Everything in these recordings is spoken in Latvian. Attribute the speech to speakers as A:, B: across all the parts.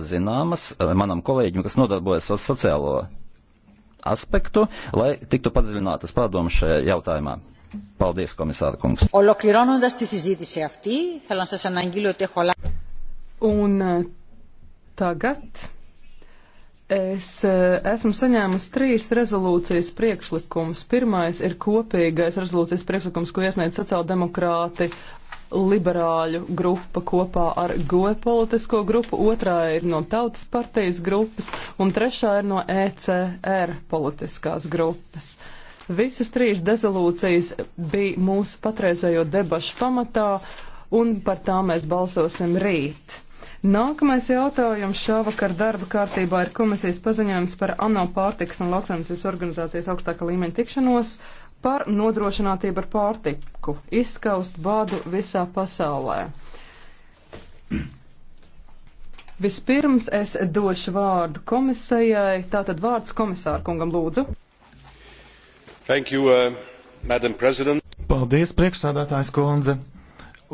A: zināmas eh, manam kolēģim, kas nodarbojas ar sociālo aspektu, lai tiktu padziļinātas pārdomas šajā jautājumā. Paldies, komisāra kungs.
B: Un tagad es esmu saņēmusi trīs rezolūcijas priekšlikumus. Pirmais ir kopīgais rezolūcijas priekšlikums, ko iesniedz sociāldemokrāti liberāļu grupa kopā ar GOE politisko grupu, otrā ir no Tautas partijas grupas un trešā ir no ECR politiskās grupas. Visas trīs dezolūcijas bija mūsu patreizējo debašu pamatā un par tām mēs balsosim rīt. Nākamais jautājums šovakar darba kārtībā ir komisijas paziņojums par ANO pārtikas un lauksaimniecības organizācijas augstāka līmeņa tikšanos. Uh, par nodrošinātību ar pārtiku, izskaust badu visā pasaulē. Vispirms es došu vārdu komisijai, tātad vārds komisāra kungam lūdzu. Thank you, uh, Madam President.
C: Paldies, priekšsādātājs kundze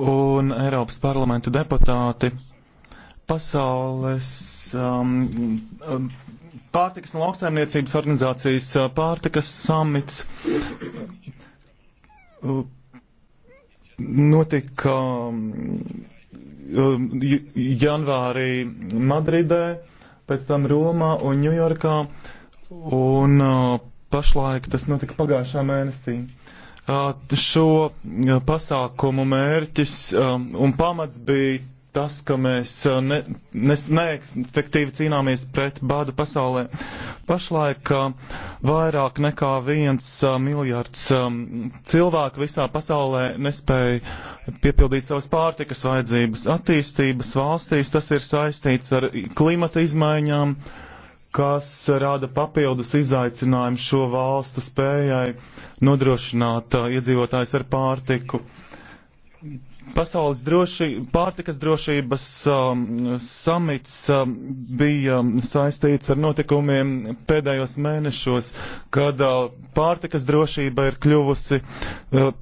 C: un Eiropas parlamentu deputāti. Pasaules um, um, Pārtikas un lauksaimniecības organizācijas pārtikas samits notika janvārī Madridē, pēc tam Romā un Ņujorkā, un pašlaik tas notika pagājušā mēnesī. Šo pasākumu mērķis un pamats bija tas, ka mēs uh, ne, ne, neefektīvi cīnāmies pret bādu pasaulē. Pašlaik uh, vairāk nekā viens uh, miljards um, cilvēku visā pasaulē nespēja piepildīt savas pārtikas vajadzības. Attīstības valstīs tas ir saistīts ar klimata izmaiņām, kas rada papildus izaicinājumu šo valstu spējai nodrošināt iedzīvotājs ar pārtiku. Uh, Pasaules droši, pārtikas drošības um, samits um, bija um, saistīts ar notikumiem pēdējos mēnešos, kad uh, pārtikas drošība ir kļuvusi uh,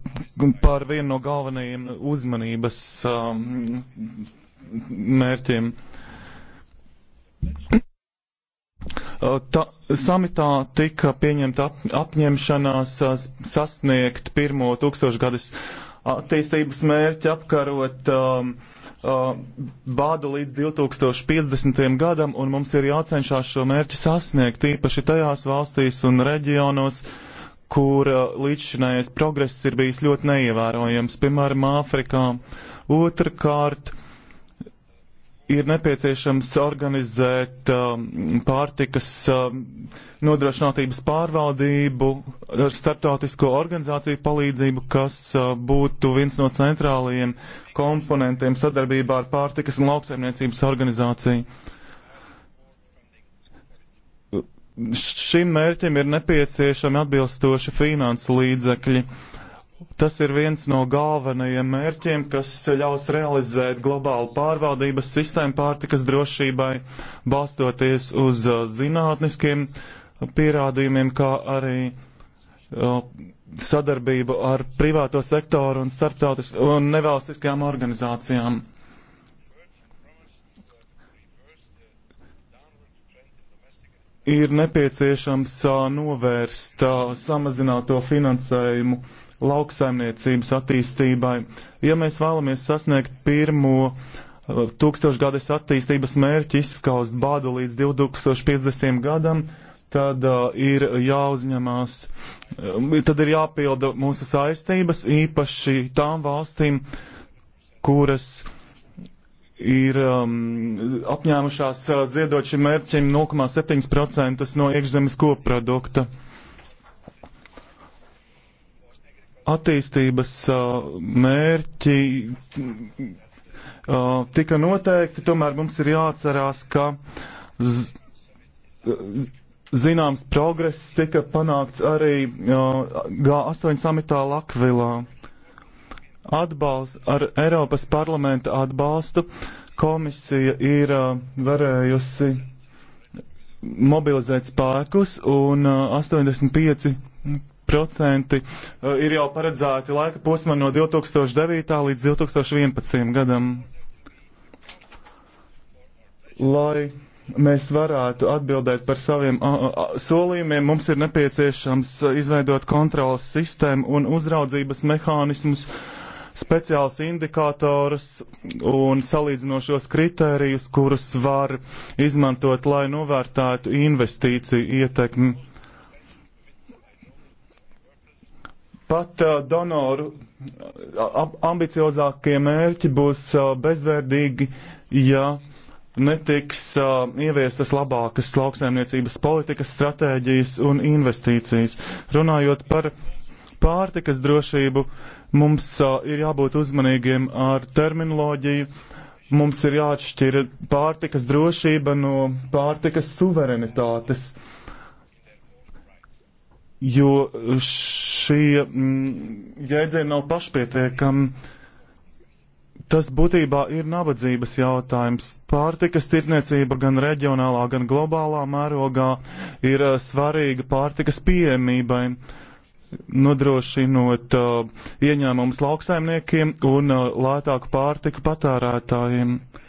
C: par vienu no galvenajiem uzmanības um, mērķiem. Uh, ta, samitā tika pieņemta ap, apņemšanās uh, sasniegt pirmo tūkstošgadus uh, attīstības mērķi apkarot um, um, bādu līdz 2050. gadam, un mums ir jācenšas šo mērķi sasniegt, īpaši tajās valstīs un reģionos, kur uh, līdzšinējais progress ir bijis ļoti neievērojams, piemēram, Āfrikā. Otrakārt, uh, ir nepieciešams organizēt um, pārtikas um, nodrošinātības pārvaldību ar starptautisko organizāciju palīdzību, kas uh, būtu viens no centrālajiem komponentiem sadarbībā ar pārtikas un lauksaimniecības organizāciju. Šim mērķim ir nepieciešami atbilstoši finansu līdzekļi. Uh, Tas ir viens no galvenajiem mērķiem, kas ļaus realizēt globālu pārvaldības sistēmu pārtikas drošībai, balstoties uz uh, zinātniskiem pierādījumiem, kā arī uh, sadarbību ar privāto sektoru un, un nevalstiskajām organizācijām. Ir nepieciešams uh, novērst samazināto finansējumu uh, lauksaimniecības attīstībai. Ja mēs vēlamies sasniegt pirmo uh, tūkstošgades attīstības mērķi izskaust bādu līdz 2050. gadam, tad uh, ir jāuzņemās, uh, tad ir jāpilda mūsu saistības īpaši tām valstīm, kuras ir um, apņēmušās uh, ziedot šim mērķim 0,7% no iekšzemes koprodukta. Uh, attīstības uh, mērķi uh, tika noteikti, tomēr mums ir jāatcerās, ka zināms progress tika panākts arī uh, G8 samitā Lakvilā. Atbalst, ar Eiropas parlamenta atbalstu komisija ir varējusi mobilizēt spēkus un 85 procenti eh, ir jau paredzēti laika posmā no 2009. līdz 2011. gadam, lai mēs varētu atbildēt par saviem a, a, solījumiem, mums ir nepieciešams eh, izveidot kontrolas sistēmu un uzraudzības mehānismus, speciāls indikātors un salīdzinošos kritērijus, kurus var izmantot, lai novērtētu investīciju ietekmi Pat uh, donoru ambiciozākie mērķi būs uh, bezvērtīgi, ja netiks uh, ieviestas labākas lauksaimniecības politikas, stratēģijas un investīcijas. Runājot par pārtikas drošību, mums uh, ir jābūt uzmanīgiem ar terminoloģiju. Mums ir jāatšķira pārtikas drošība no pārtikas suverenitātes. Uh, jo šie mm, jēdzieni nav pašpietiekami. Tas būtībā ir nabadzības jautājums. Pārtikas tirniecība gan reģionālā, gan globālā mērogā ir eh, svarīga pārtikas pieejamībai, nodrošinot uh, ieņēmumus lauksaimniekiem un uh, lētāku pārtiku patērētājiem. Uh,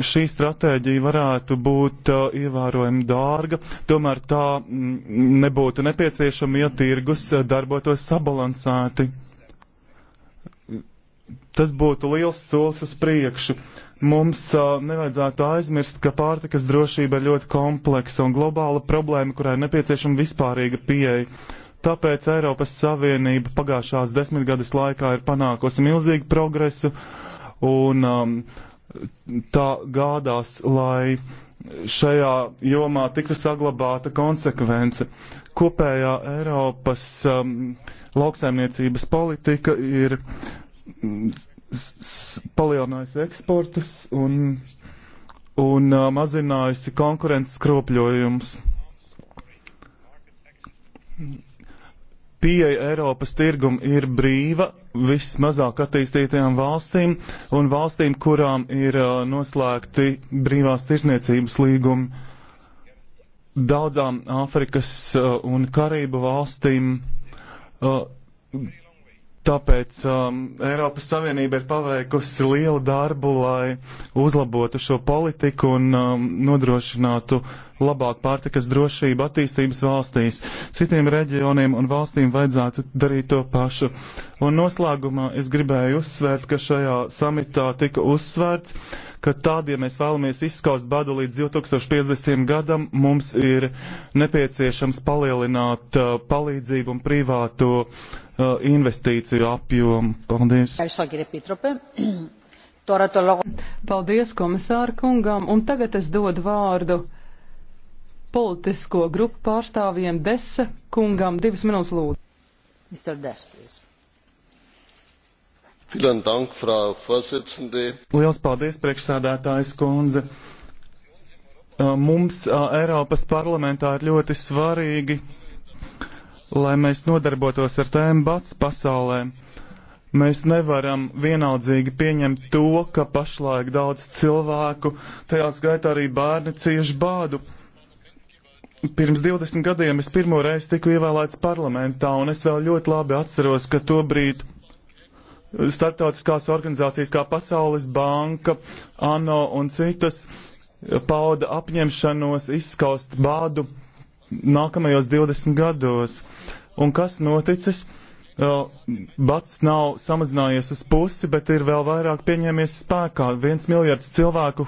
C: šī stratēģija varētu būt uh, ievērojami dārga, tomēr tā mm, nebūtu nepieciešama, ja tirgus uh, darbotos sabalansēti. Tas būtu liels solis uz priekšu. Mums uh, nevajadzētu aizmirst, ka pārtikas drošība ir ļoti kompleksa un globāla problēma, kurai ir nepieciešama vispārīga pieeja. Tāpēc Eiropas Savienība pagājušās desmitgades laikā ir panākusi milzīgu progresu un um, uh, tā gādās, lai šajā jomā tiktu saglabāta konsekvence. Kopējā Eiropas um, lauksaimniecības politika ir mm, palielinājusi eksportus un, un uh, mazinājusi konkurences skropļojumus. Pieeja Eiropas tirgum ir brīva vismazāk attīstītajām valstīm un valstīm, kurām ir uh, noslēgti brīvās tirzniecības līgumi. Daudzām Āfrikas uh, un Karību valstīm, uh, tāpēc um, Eiropas Savienība ir paveikusi lielu darbu, lai uzlabotu šo politiku un um, nodrošinātu uh, labāku pārtikas drošību attīstības valstīs. Citiem reģioniem un valstīm vajadzētu darīt to pašu. Un noslēgumā es gribēju uzsvērt, ka šajā samitā tika uzsvērts, ka tad, ja mēs vēlamies izskaust badu līdz 2050. gadam, mums ir nepieciešams palielināt uh, palīdzību un privāto uh, investīciju apjomu. Paldies!
B: Paldies komisāra kungam, un tagad es dodu vārdu politisko grupu pārstāvjiem Desa
C: kungam divas minūtes lūdzu. Mr. Des, please. Dank, Liels paldies, priekšsādātājs kundze. Mums Eiropas parlamentā ir ļoti svarīgi, lai mēs nodarbotos ar tēmu bats pasaulē. Mēs nevaram vienaldzīgi pieņemt to, ka pašlaik daudz cilvēku, tajā skaitā arī bērni, cieši bādu Pirms 20 gadiem es pirmo reizi tiku ievēlēts parlamentā, un es vēl ļoti labi atceros, ka tobrīd eh, starptautiskās organizācijas kā Pasaules banka, ANO un citas eh, pauda apņemšanos izskaust bādu nākamajos 20 gados. Un kas noticis? Eh, bats nav samazinājies uz pusi, bet ir vēl vairāk pieņēmies spēkā. Viens miljards cilvēku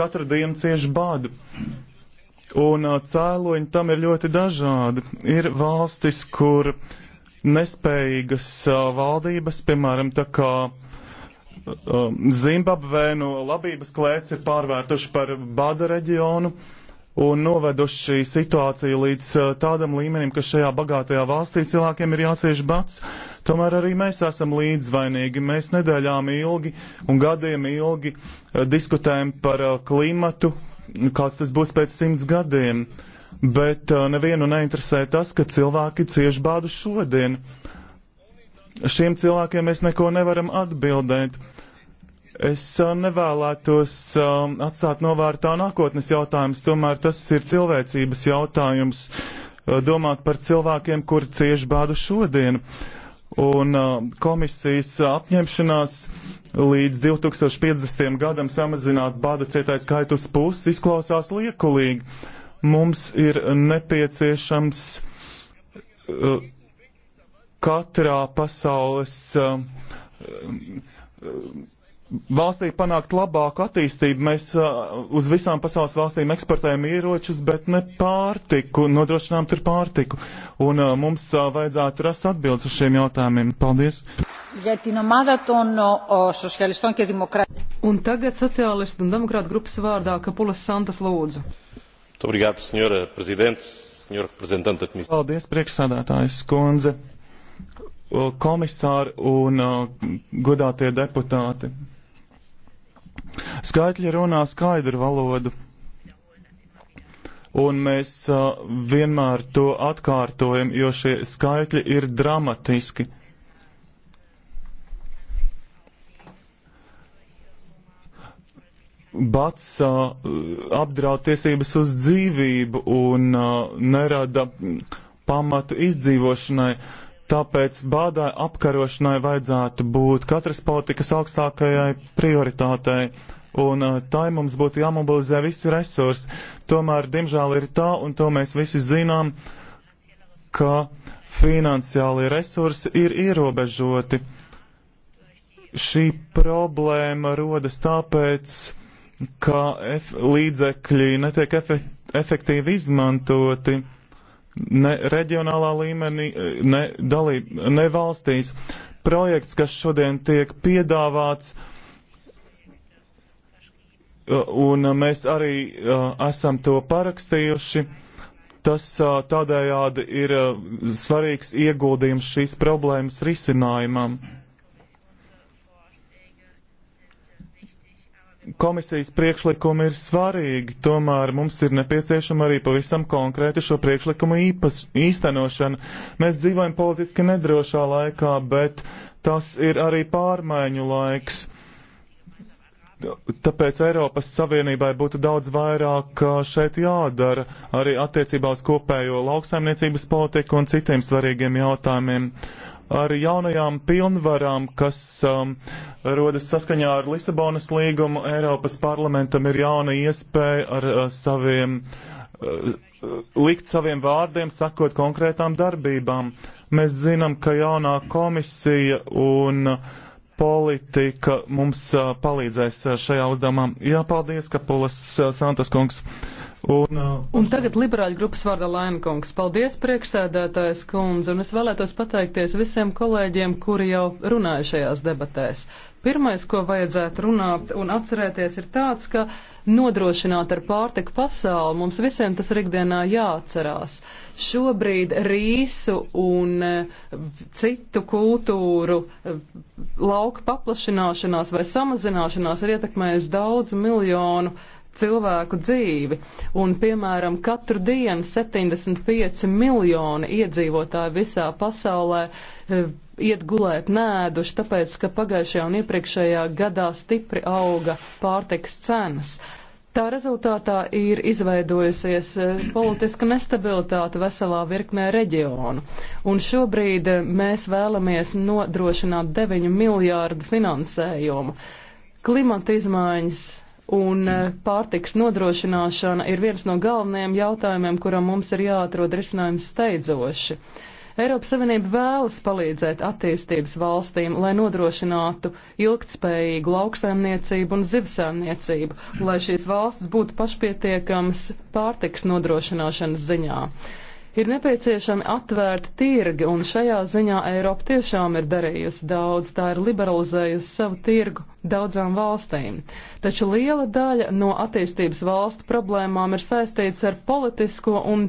C: katru dienu cieši bādu. Un cēloņi tam ir ļoti dažādi. Ir valstis, kur nespējīgas valdības, piemēram, tā kā Zimbabvē no labības klēts ir pārvērtuši par bada reģionu un noveduši situāciju līdz tādam līmenim, ka šajā bagātajā valstī cilvēkiem ir jācieš bats. Tomēr arī mēs esam līdzvainīgi. Mēs nedēļām ilgi un gadiem ilgi diskutējam par klimatu, kāds tas būs pēc simts gadiem, bet uh, nevienu neinteresē tas, ka cilvēki cieši bādu šodien. Šiem cilvēkiem mēs neko nevaram atbildēt. Es uh, nevēlētos uh, atstāt novārtā nākotnes jautājums, tomēr tas ir cilvēcības jautājums. Uh, domāt par cilvēkiem, kuri cieši bādu šodien. Uh, un uh, komisijas apņemšanās līdz 2050. gadam samazināt bada cietai skaitu uz pusi izklausās liekulīgi. Mums ir nepieciešams uh, katrā pasaules uh, uh, valstī panākt labāku attīstību. Mēs uh, uz visām pasaules valstīm eksportējam ieročus, bet ne pārtiku, nodrošinām tur pārtiku. Un uh, mums uh, vajadzētu rast atbildes uz šiem jautājumiem. Paldies!
B: Un tagad sociālistu un demokrātu grupas
C: vārdā Kapulas Santas lūdzu. Obrigado, senhora Presidente, senhora representante da Comissão. Paldies, priekšsādātājs Skundze, komisāri un uh, godātie deputāti. Skaitļi runā skaidru valodu, un mēs uh, vienmēr to atkārtojam, jo šie skaitļi ir dramatiski. Bats uh, apdraud tiesības uz dzīvību un uh, nerada pamatu izdzīvošanai. Tāpēc bādai apkarošanai vajadzētu būt katras politikas augstākajai prioritātei, un uh, tai mums būtu jāmobilizē visi resursi. Tomēr, diemžēl, ir tā, un to mēs visi zinām, ka finansiālie resursi ir ierobežoti. Šī problēma rodas tāpēc, ka līdzekļi netiek efektīvi izmantoti ne reģionālā līmenī, e, ne, dalīb, ne valstīs. Projekts, kas šodien tiek piedāvāts, e, un mēs arī e, esam to parakstījuši, tas tādējādi ir svarīgs ieguldījums šīs problēmas risinājumam. komisijas priekšlikumi ir svarīgi, tomēr mums ir nepieciešama arī pavisam konkrēti šo priekšlikumu īpas, īstenošana. Mēs dzīvojam politiski nedrošā laikā, bet tas ir arī pārmaiņu laiks. Tāpēc Eiropas Savienībai būtu daudz vairāk šeit jādara arī attiecībā uz kopējo lauksaimniecības politiku un citiem svarīgiem jautājumiem ar jaunajām pilnvarām, kas um, rodas saskaņā ar Lisabonas līgumu. Eiropas parlamentam ir jauna iespēja ar uh, saviem, uh, likt saviem vārdiem, sakot konkrētām darbībām. Mēs zinām, ka jaunā komisija un politika mums uh, palīdzēs uh, šajā uzdevumā. Jā, paldies, ka Pulas uh, Santas kungs. Uh, Un, uh,
B: un tagad liberāļu grupas vārdā Laimkungs. Paldies, priekšsēdētājs kundze, un es vēlētos pateikties visiem kolēģiem, kuri jau runāja šajās debatēs. Pirmais, ko vajadzētu runāt un atcerēties, ir tāds, ka nodrošināt ar pārtiku pasauli mums visiem tas ir ikdienā jāatcerās. Šobrīd rīsu un eh, citu kultūru eh, lauka paplašināšanās vai samazināšanās ir ietekmējusi daudz miljonu cilvēku dzīvi. Un, piemēram, katru dienu 75 miljoni iedzīvotāji visā pasaulē e, iet gulēt nēduši, tāpēc, ka pagājušajā un iepriekšējā gadā stipri auga pārtiks cenas. Tā rezultātā ir izveidojusies e, politiska nestabilitāte veselā virknē reģionu. Un šobrīd e, mēs vēlamies nodrošināt 9 miljārdu finansējumu. Klimata izmaiņas un eh, pārtiks nodrošināšana ir viens no galvenajiem jautājumiem, kuram mums ir jāatrod risinājums steidzoši. Eiropas Savienība vēlas palīdzēt attīstības valstīm, lai nodrošinātu ilgtspējīgu lauksaimniecību un zivsaimniecību, lai šīs valstis būtu pašpietiekamas pārtiks nodrošināšanas ziņā. Ir nepieciešami atvērti tirgi, un šajā ziņā Eiropa tiešām ir darījusi daudz. Tā ir liberalizējusi savu tirgu daudzām valstīm. Taču liela daļa no attīstības valstu problēmām ir saistīts ar politisko un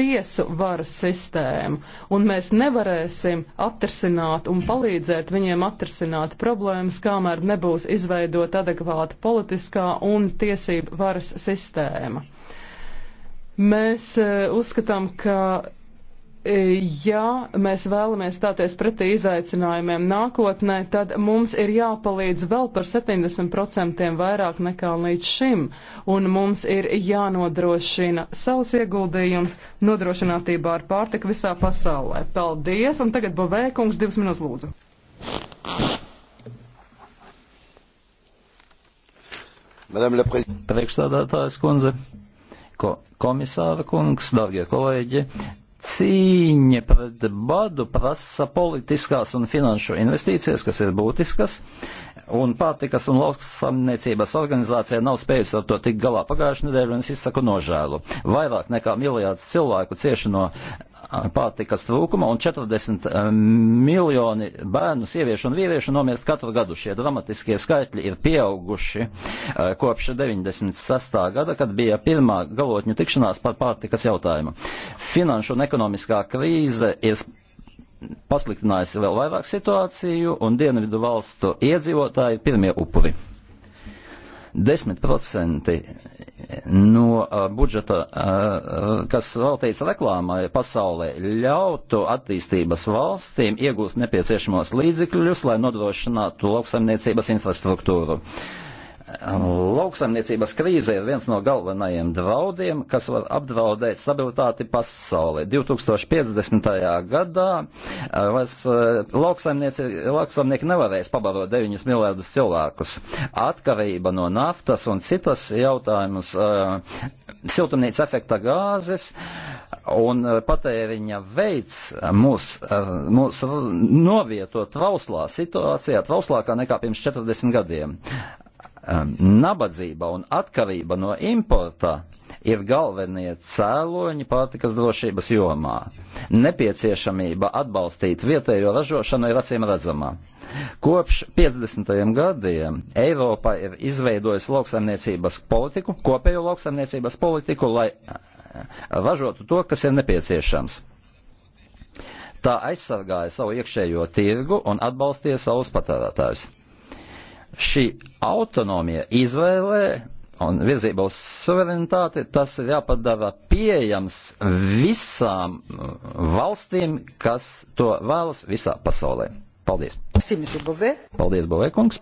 B: tiesu varas sistēmu, un mēs nevarēsim atrisināt un palīdzēt viņiem atrisināt problēmas, kamēr nebūs izveidota adekvāta politiskā un tiesību varas sistēma. Mēs e, uzskatām, ka e, ja mēs vēlamies stāties pretī izaicinājumiem nākotnē, tad mums ir jāpalīdz vēl par 70% vairāk nekā līdz šim, un mums ir jānodrošina savus ieguldījums nodrošinātībā ar pārtiku visā pasaulē. Paldies, un tagad Bovēkungs divas minūtes lūdzu.
A: Priekšstādātājs kundze. Ko, komisāra kungs, darbie kolēģi, cīņa pret badu prasa politiskās un finanšu investīcijas, kas ir būtiskas, un pārtikas un lauksamniecības organizācija nav spējusi ar to tik galā pagājušajā nedēļā, un es izsaku nožēlu. Vairāk nekā miljards cilvēku cieši no pārtikas trūkuma un 40 eh, miljoni bērnu, sieviešu un vīriešu nomirst katru gadu. Šie dramatiskie skaitļi ir pieauguši eh, kopš 96. gada, kad bija pirmā galotņu tikšanās par pārtikas jautājumu. Finanšu un ekonomiskā krīze ir pasliktinājusi vēl vairāk situāciju un dienvidu valstu iedzīvotāji ir pirmie upuri. 10% no uh, budžeta, uh, uh, kas veltīts reklāmai pasaulē, ļautu attīstības valstīm iegūst nepieciešamos līdzekļus, lai nodrošinātu lauksaimniecības infrastruktūru. Uh, Lauksaimniecības krīze ir viens no galvenajiem draudiem, kas var apdraudēt stabilitāti pasaulē. 2050. gadā eh, vairs eh, lauksaimnieki nevarēs pabarot 9 miljardus cilvēkus. Atkarība no naftas un citas jautājumus, eh, siltumnīca efekta gāzes un patēriņa veids mūs, mūs novieto trauslā situācijā, trauslākā nekā pirms 40 gadiem um, nabadzība un atkarība no importa ir galvenie cēloņi pārtikas drošības jomā. Nepieciešamība atbalstīt vietējo ražošanu ir acīm redzama. Kopš 50. gadiem Eiropa ir izveidojusi lauksaimniecības politiku, kopējo lauksaimniecības politiku, lai uh, ražotu to, kas ir nepieciešams. Tā aizsargāja savu iekšējo tirgu un atbalstīja savus patērētājus šī autonomija izvēlē un virzība uz suverenitāti, tas ir jāpadara pieejams visām uh, valstīm, kas to vēlas visā pasaulē. Paldies. Paldies, Bovēkungs.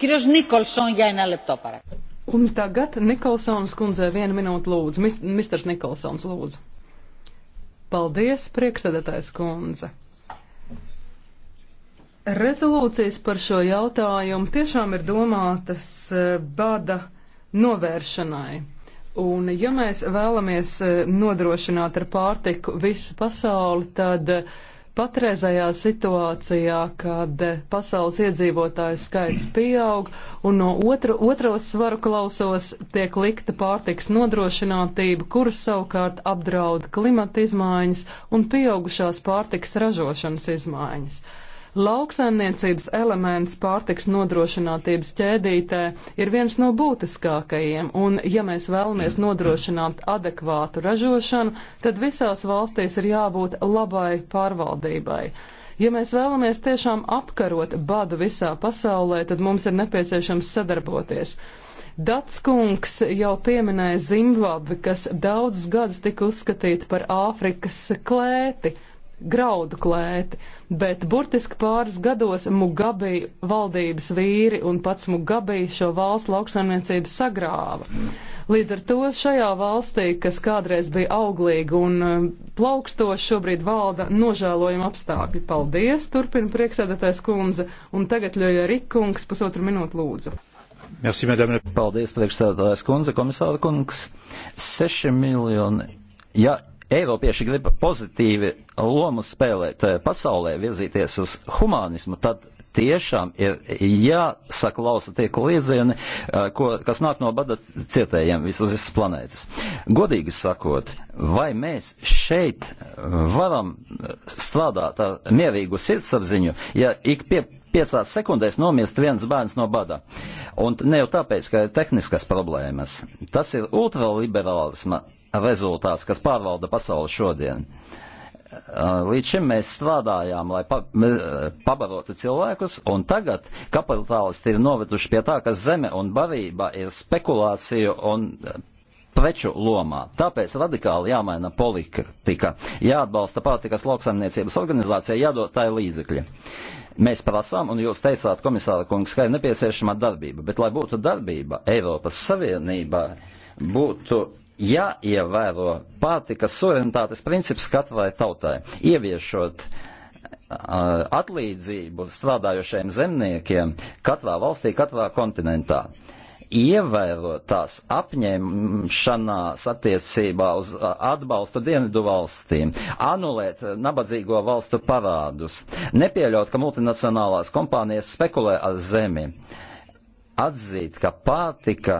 B: Un tagad Nikolsons kundzē vienu minūtu lūdzu. Misters Nikolsons lūdzu. Paldies, priekšsēdētājs kundze. Rezolūcijas par šo jautājumu tiešām ir domātas eh, bada novēršanai. Un, ja mēs vēlamies eh, nodrošināt ar pārtiku visu pasauli, tad eh, patreizajā situācijā, kad pasaules iedzīvotāju skaits pieaug un no otra, otros svaru klausos tiek likta pārtiks nodrošinātība, kuras savukārt apdraud klimata izmaiņas un pieaugušās pārtiks ražošanas izmaiņas. Lauksaimniecības elements pārtiks nodrošinātības ķēdītē ir viens no būtiskākajiem, un ja mēs vēlamies nodrošināt adekvātu ražošanu, tad visās valstīs ir jābūt labai pārvaldībai. Ja mēs vēlamies tiešām apkarot badu visā pasaulē, tad mums ir nepieciešams sadarboties. Datskungs jau pieminēja Zimbabvi, kas daudzus gadus tika uzskatīta par Āfrikas klēti graudu klēti, bet burtiski pāris gados Mugabi valdības vīri un pats Mugabi šo valsts lauksaimniecību sagrāva. Līdz ar to šajā valstī, kas kādreiz bija auglīga un um, plaukstoša, šobrīd valda nožēlojama apstākļi. Paldies, turpina priekšsēdētājs kundze, un tagad ļoja Rikungs pusotru minūtu lūdzu.
A: Merci, madame. Paldies, priekšsēdētājs kundze, komisāra kungs. Seši miljoni. Ja Eiropieši grib pozitīvi lomu spēlēt eh, pasaulē, virzīties uz humanismu, tad tiešām ir jāsaklausa tie kliedzieni, eh, ko, kas nāk no bada cietējiem visur visas planētas. Godīgi sakot, vai mēs šeit varam eh, strādāt ar mierīgu sirdsapziņu, ja ik pie piecās sekundēs nomirst viens bērns no bada. Un ne jau tāpēc, ka ir tehniskas problēmas. Tas ir ultraliberālisma rezultāts, kas pārvalda pasauli šodien. Uh, līdz šim mēs strādājām, lai pa, pabarotu cilvēkus, un tagad kapitālisti ir noveduši pie tā, ka zeme un barība ir spekulāciju un uh, preču lomā. Tāpēc radikāli jāmaina politika, jāatbalsta pārtikas lauksaimniecības organizācija, jādod tai līdzekļi. Mēs prasām, un jūs teicāt, komisāra kungs, ka ir nepieciešama darbība, bet lai būtu darbība, Eiropas Savienība būtu jāievēro ja pārtikas suverenitātes princips katrai tautai, ieviešot atlīdzību strādājošiem zemniekiem katrā valstī, katrā kontinentā. Ievērot tās apņemšanās attiecībā uz atbalstu dienvidu valstīm, anulēt nabadzīgo valstu parādus, nepieļaut, ka multinacionālās kompānijas spekulē ar zemi, atzīt, ka pārtika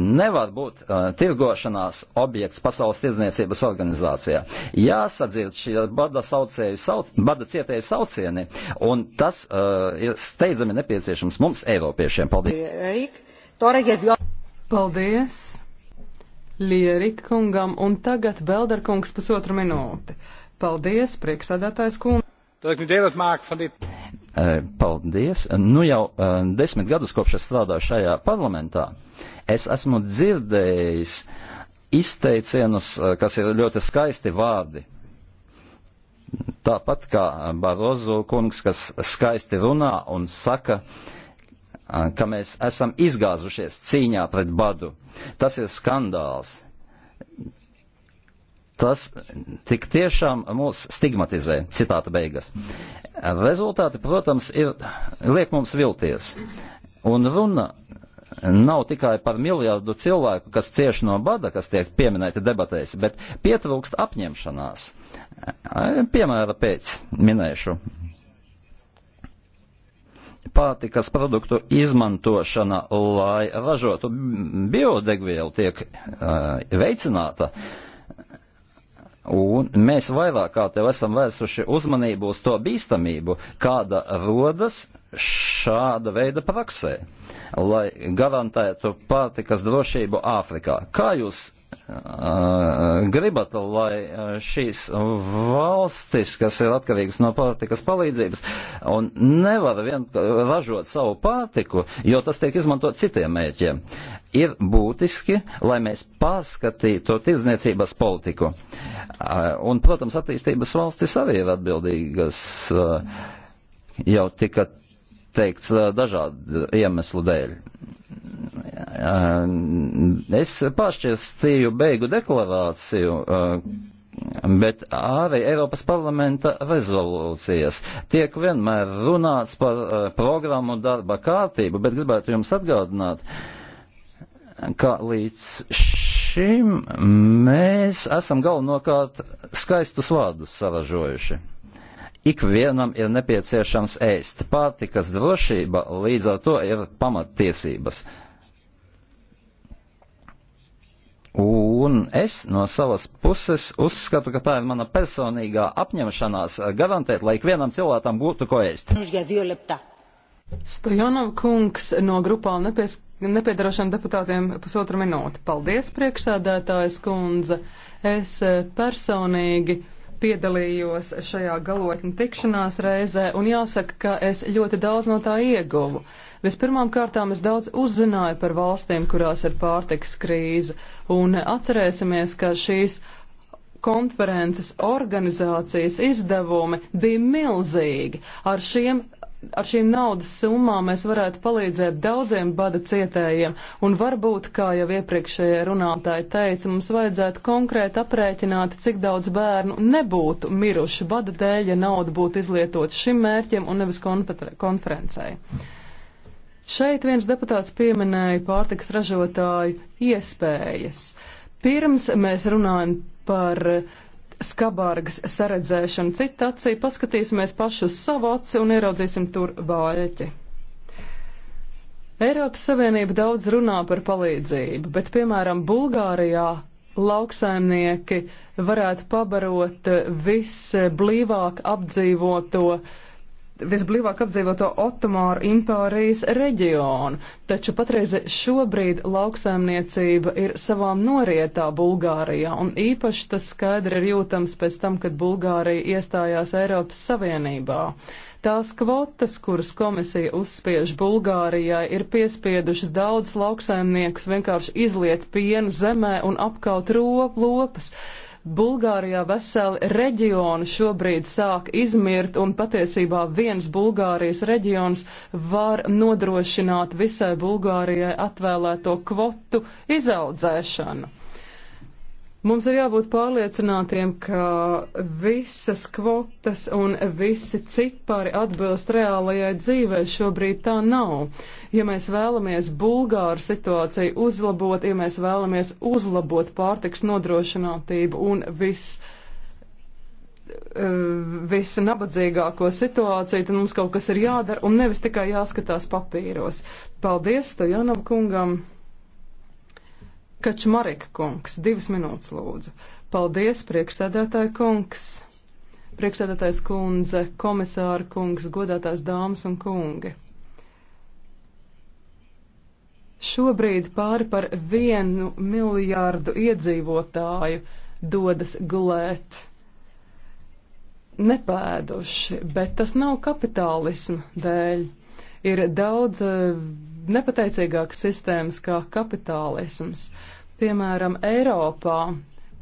A: nevar būt uh, tirgošanās objekts Pasaules tirdzniecības organizācijā. Jāsadzird šie bada, saucēju, sauc, bada cietēju saucieni, un tas uh, ir steidzami nepieciešams mums, Eiropiešiem.
B: Paldies! Paldies! Lierik kungam, un tagad Belderkungs pusotru minūti. Paldies, priekšsādātājs kungam!
A: Nu eh, paldies. Nu jau eh, desmit gadus kopš es strādāju šajā parlamentā. Es esmu dzirdējis izteicienus, eh, kas ir ļoti skaisti vārdi. Tāpat kā Barozo kungs, kas skaisti runā un saka, ka mēs esam izgāzušies cīņā pret badu. Tas ir skandāls. Tas tik tiešām mūs stigmatizē. Citāta beigas. Rezultāti, protams, ir, liek mums vilties. Un runa nav tikai par miljardu cilvēku, kas cieši no bada, kas tiek pieminēti debatēs, bet pietrūkst apņemšanās. Piemēra pēc minēšu. Pārtikas produktu izmantošana, lai ražotu biodegvielu, tiek uh, veicināta. Uh, Un mēs vairāk kā tev esam vērsuši uzmanību uz to bīstamību, kāda rodas šāda veida praksē, lai garantētu pārtikas drošību Āfrikā. Kā jūs uh, gribat, lai šīs valstis, kas ir atkarīgas no pārtikas palīdzības, un nevar vien ražot savu pārtiku, jo tas tiek izmantot citiem mēķiem, ir būtiski, lai mēs pārskatītu tirdzniecības politiku. Uh, Eh, un, protams, attīstības valstis arī ir atbildīgas eh, jau tika teikts eh, dažādu iemeslu dēļ. Es pāršķirstīju beigu deklarāciju, bet arī Eiropas parlamenta rezolūcijas. Tiek vienmēr runāts par programmu darba kārtību, bet gribētu jums atgādināt, ka līdz šim šim mēs esam galvenokārt skaistus vārdus saražojuši. Ikvienam ir nepieciešams ēst. Pārtikas drošība līdz ar to ir pamattiesības. Un es no savas puses uzskatu, ka tā ir mana personīgā apņemšanās garantēt, lai ikvienam cilvēkam būtu ko ēst.
B: Stojanov kungs no grupām nepies nepiedarošana deputātiem pusotra minūte. Paldies, priekšsēdētājas kundze. Es e, personīgi piedalījos šajā galotņu tikšanās reizē, un jāsaka, ka es ļoti daudz no tā ieguvu. Vispirmām kārtām es daudz uzzināju par valstīm, kurās ir pārtiks krīze, un atcerēsimies, ka šīs konferences organizācijas izdevumi bija milzīgi. Ar šiem ar šīm naudas summām mēs varētu palīdzēt daudziem bada cietējiem, un varbūt, kā jau iepriekšējie runātāji teica, mums vajadzētu konkrēti aprēķināt, cik daudz bērnu nebūtu miruši bada dēļ, ja nauda būtu izlietot šim mērķim un nevis konferencei. Šeit viens deputāts pieminēja pārtiks ražotāju iespējas. Pirms mēs runājam par uh, skabārgas saredzēšana cita acī, paskatīsimies paši uz savu aci un ieraudzīsim tur vāļķi. Eiropas Savienība daudz runā par palīdzību, bet, piemēram, Bulgārijā lauksaimnieki varētu pabarot visblīvāk apdzīvoto uh, visblīvāk apdzīvoto Otomāru impērijas reģionu, taču patreiz šobrīd lauksaimniecība ir savām norietā Bulgārijā, un īpaši tas skaidri ir jūtams pēc tam, kad Bulgārija iestājās Eiropas Savienībā. Tās kvotas, kuras komisija uzspiež Bulgārijai, ir piespiedušas daudz lauksaimniekus vienkārši izliet pienu zemē un apkaut ropas. Rop, Bulgārijā veseli reģioni šobrīd sāk izmirt, un patiesībā viens Bulgārijas reģions var nodrošināt visai Bulgārijai atvēlēto kvotu izaudzēšanu. Mums ir jābūt pārliecinātiem, ka visas kvotas un visi cipari atbilst reālajai dzīvē. Šobrīd tā nav. Ja mēs vēlamies Bulgāru situāciju uzlabot, ja mēs vēlamies uzlabot pārtiks nodrošinātību un viss eh, visnabadzīgāko situāciju, tad mums kaut kas ir jādara un nevis tikai jāskatās papīros. Paldies Stojanov kungam. Kačmarika kungs, divas minūtes lūdzu. Paldies, priekšsēdētāja kungs, priekšsēdētājs kundze, komisāra kungs, godātās dāmas un kungi. Šobrīd pāri par vienu miljārdu iedzīvotāju dodas gulēt. Nepēduši, bet tas nav kapitālisma dēļ. Ir daudz eh, nepateicīgākas sistēmas kā kapitālisms. Piemēram, Eiropā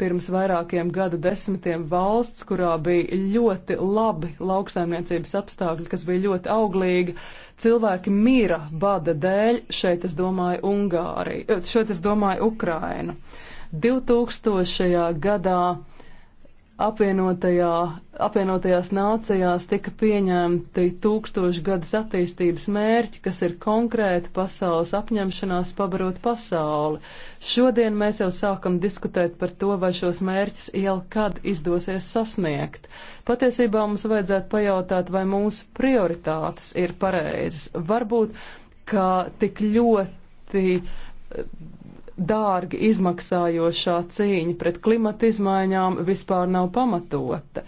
B: pirms vairākiem gada desmitiem valsts, kurā bija ļoti labi lauksaimniecības apstākļi, kas bija ļoti auglīgi, uh, Cilvēki mīra bada dēļ, šeit es domāju Ungāriju, šeit es domāju Ukrainu. 2000. gadā apvienotajā, apvienotajās nācijās tika pieņemti tūkstošu gadus attīstības mērķi, kas ir konkrēti pasaules apņemšanās pabarot pasauli. Šodien mēs jau sākam diskutēt par to, vai šos mērķus jau kad izdosies sasniegt. Patiesībā mums vajadzētu pajautāt, vai mūsu prioritātes ir pareizas. Varbūt, ka tik ļoti dārgi izmaksājošā cīņa pret klimata izmaiņām vispār nav pamatota.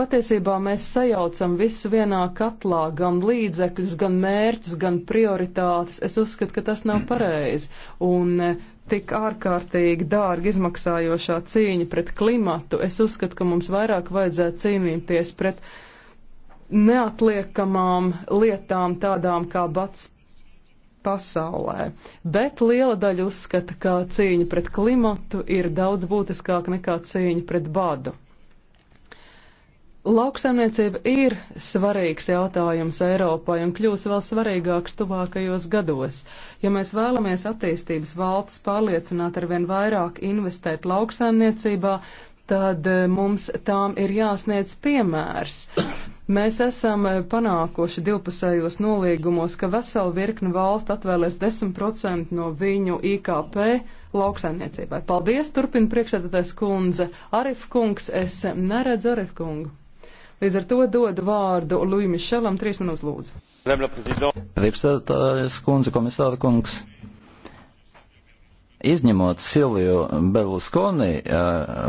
B: Patiesībā mēs sajaucam visu vienā katlā, gan līdzekļus, gan mērķus, gan prioritātes. Es uzskatu, ka tas nav pareizi. Un eh, tik ārkārtīgi dārgi izmaksājošā cīņa pret klimatu, es uzskatu, ka mums vairāk vajadzētu cīnīties pret neatliekamām lietām, tādām kā bats pasaulē, bet liela daļa uzskata, ka cīņa pret klimatu ir daudz būtiskāka nekā cīņa pret badu. Lauksaimniecība ir svarīgs jautājums Eiropai un kļūs vēl svarīgāks tuvākajos gados. Ja mēs vēlamies attīstības valsts pārliecināt arvien vairāk investēt lauksaimniecībā, tad eh, mums tām ir jāsniedz piemērs. Mēs esam eh, panākuši divpusējos nolīgumos, ka vesela virkni valsts atvēlēs 10% no viņu IKP lauksaimniecībai. Paldies, turpina priekšsēdētājs kundze. Arif kungs, es neredzu Arif kungu. Līdz ar to dodu vārdu Lui Mišelam, trīs minūtes
A: lūdzu. Priekšsēdētājs kundze, komisāra kungs izņemot Silviju Berluskoni, eh,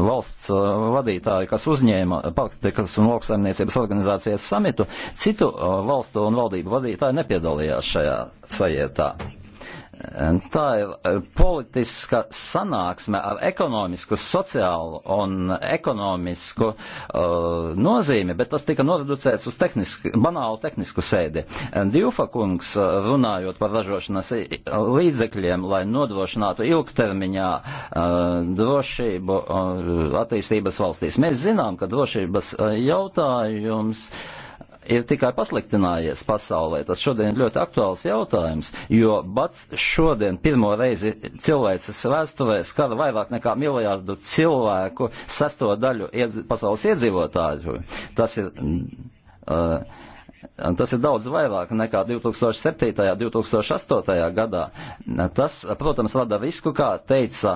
A: valsts eh, vadītāju, kas uzņēma Pakstikas un lauksaimniecības organizācijas samitu, citu eh, valstu un valdību vadītāji nepiedalījās šajā sajietā. Tā ir e, politiska sanāksme ar ekonomisku, sociālu un ekonomisku uh, nozīmi, bet tas tika noreducēts uz tehnisku, banālu tehnisku sēdi. Djufa kungs, e, runājot par ražošanas līdzekļiem, lai nodrošinātu ilgtermiņā uh, drošību uh, attīstības valstīs, mēs zinām, ka drošības jautājums. Uh, ir tikai pasliktinājies pasaulē. Tas šodien ir ļoti aktuāls jautājums, jo bats šodien pirmo reizi cilvēces vēsturē skara vairāk nekā miljārdu cilvēku, sesto daļu iedz, pasaules iedzīvotāju. Tas ir. Uh, Tas ir daudz vairāk nekā 2007. un 2008. gadā. Tas, protams, rada risku, kā teica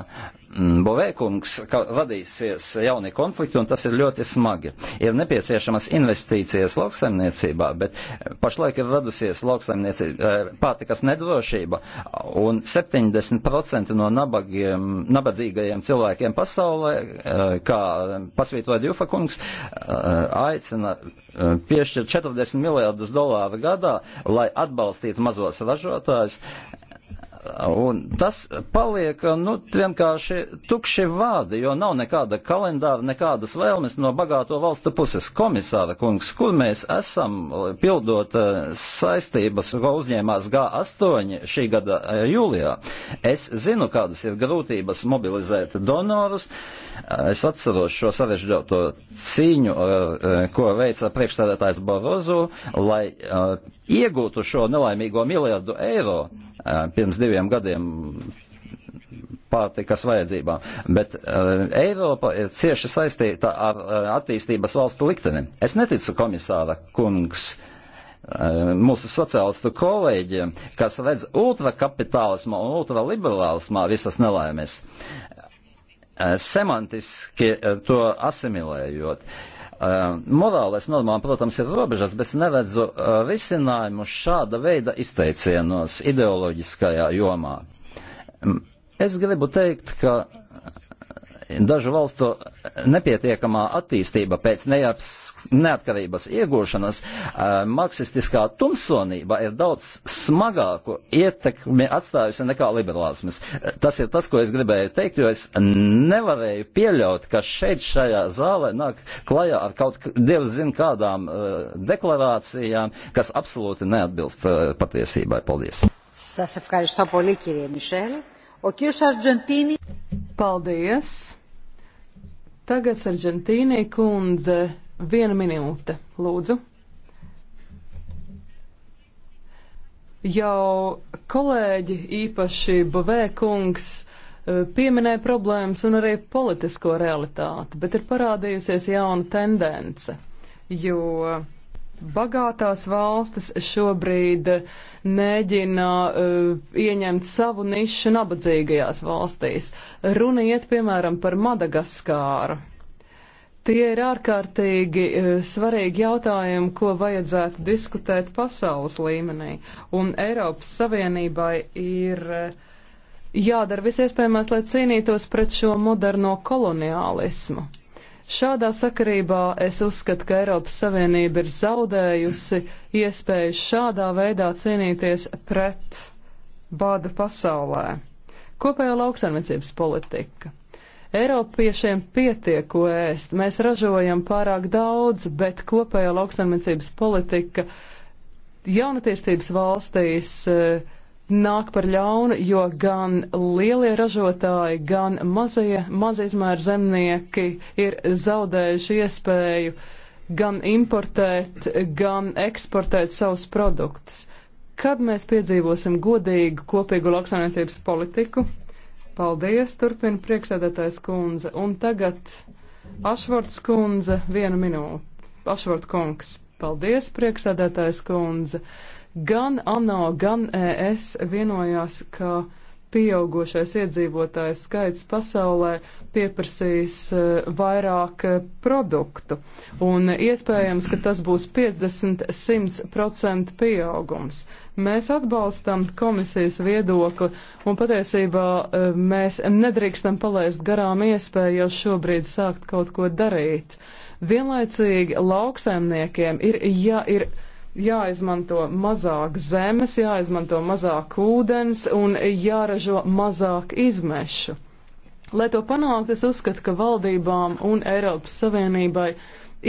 A: Mm, Bovēkungs, ka radīsies jauni konflikti, un tas ir ļoti smagi. Ir nepieciešamas investīcijas lauksaimniecībā, bet pašlaik ir radusies eh, pārtikas nedrošība, un 70% no nabagiem, nabadzīgajiem cilvēkiem pasaulē, eh, kā pasvītoja Jufakungs, eh, aicina piešķirt 40 miljardus dolāru gadā, lai atbalstītu mazos ražotājus. Un tas paliek nu, vienkārši tukši vārdi, jo nav nekāda kalendāra, nekādas vēlmes no bagāto valstu puses. Komisāra kungs, kur mēs esam pildot eh, saistības, ko uzņēmās G8 šī gada eh, jūlijā? Es zinu, kādas ir grūtības mobilizēt donorus. Uh, Es atceros šo sarežģīto cīņu, eh, eh, ko veica priekšstādātājs Barozu, lai eh, iegūtu šo nelaimīgo miljardu eiro pirms diviem gadiem pārtikas vajadzībām. Bet uh, Eiropa ir cieši saistīta ar uh, attīstības valstu likteni. Es neticu komisāra kungs. Uh, mūsu sociālistu kolēģiem, kas redz ultrakapitālismā un ultraliberālismā visas nelaimēs. Eh, semantiski eh, to asimilējot. Eh, morālais normām, protams, ir robežas, bet es neredzu risinājumu šāda veida izteicienos ideoloģiskajā jomā. Mm, es gribu teikt, ka Dažu valstu nepietiekamā attīstība pēc neaps, neatkarības iegūšanas, eh, marksistiskā tumsonība ir daudz smagāku ietekmi atstājusi nekā liberālisms. Tas ir tas, ko es gribēju teikt, jo es nevarēju pieļaut, ka šeit šajā zālē nāk klajā ar kaut dievs zin kādām eh, deklarācijām, kas absolūti neatbilst eh, patiesībai. Paldies!
B: Σας ευχαριστώ πολύ κύριε Μισελ. Ο κύριος Αργεντίνη. Paldies. Tagad Sargentīnī kundze viena minūte, lūdzu. Jau kolēģi, īpaši Bovēkungs, eh, pieminēja problēmas un arī politisko realitāti, bet ir parādījusies jauna tendence, jo Bagātās valstis šobrīd mēģina uh, ieņemt savu nišu nabadzīgajās valstīs. Runa iet, piemēram, par Madagaskāru. Tie ir ārkārtīgi uh, svarīgi jautājumi, ko vajadzētu diskutēt pasaules līmenī. Un Eiropas Savienībai ir uh, jādara visiespējamais, lai cīnītos pret šo moderno koloniālismu. Šādā sakarībā es uzskatu, ka Eiropas Savienība ir zaudējusi iespēju šādā veidā cīnīties pret bādu pasaulē. Kopējā lauksaimniecības politika. Eiropiešiem pietiek, ko ēst. Mēs ražojam pārāk daudz, bet kopējā lauksaimniecības politika jaunatīstības valstīs uh, nāk par ļaunu, jo gan lielie ražotāji, gan mazie, mazizmēra zemnieki ir zaudējuši iespēju gan importēt, gan eksportēt savus produktus. Kad mēs piedzīvosim godīgu kopīgu lauksaimniecības politiku? Paldies, turpina priekšsēdētājs kundze. Un tagad Ašvards kundze, viena minūte. Ašvards kungs, paldies, priekšsēdētājs kundze. Uh, Gan ANO, gan ES vienojās, ka pieaugušais iedzīvotājs skaits pasaulē pieprasīs eh, vairāk eh, produktu, un iespējams, ka tas būs 50-100% pieaugums. Mēs atbalstam komisijas viedokli, un patiesībā eh, mēs nedrīkstam palaist garām iespēju jau šobrīd sākt kaut ko darīt. Vienlaicīgi lauksaimniekiem ir, ja ir jāizmanto mazāk zemes, jāizmanto mazāk ūdens un jāražo mazāk izmešu. Lai to panākt, es uzskatu, ka valdībām un Eiropas Savienībai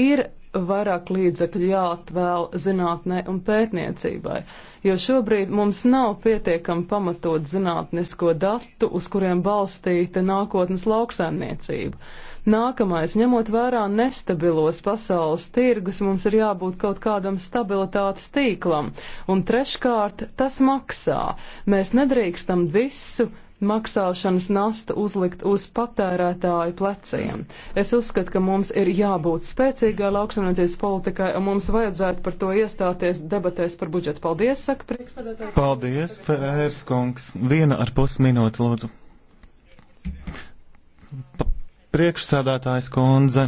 B: ir vairāk līdzekļu jāatvēl zinātnē un pētniecībai, jo šobrīd mums nav pietiekami pamatot zinātnisko datu, uz kuriem balstīta nākotnes lauksaimniecība. Nākamais, ņemot vērā nestabilos pasaules tirgus, mums ir jābūt kaut kādam stabilitātes tīklam. Un treškārt, tas maksā. Mēs nedrīkstam visu maksāšanas nastu uzlikt uz patērētāju pleciem. Es uzskatu, ka mums ir jābūt spēcīgai lauksamniecības politikai, un mums vajadzētu par to iestāties debatēs par budžetu. Paldies, saka
C: priekšsēdētājs. Paldies, Ferērs kungs. Viena ar pus minūti, lūdzu priekšsēdētājs kundze.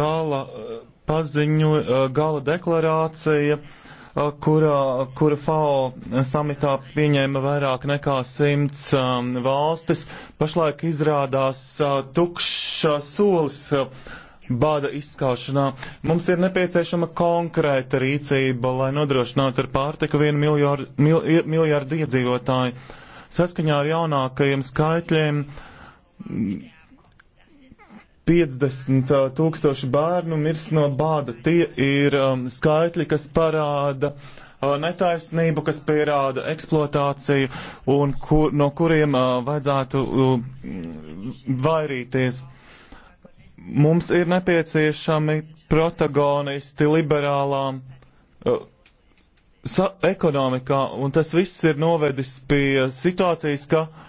C: Gala eh, paziņu, eh, gala deklarācija, eh, kurā, kura FAO samitā pieņēma vairāk nekā simts um, valstis, pašlaik izrādās uh, tukša solis. Uh, bada izskaušanā. Mums ir nepieciešama konkrēta rīcība, lai nodrošinātu ar pārtiku vienu miljardu, mil, miljardu iedzīvotāju. Saskaņā ar jaunākajiem skaitļiem uh, 50 uh, tūkstoši bērnu mirs no bāda. Tie ir um, skaitļi, kas parāda uh, netaisnību, kas pierāda eksploatāciju un kur, no kuriem uh, vajadzētu uh, vairīties. Mums ir nepieciešami protagonisti liberālām uh, ekonomikā, un tas viss ir novedis pie situācijas, ka uh,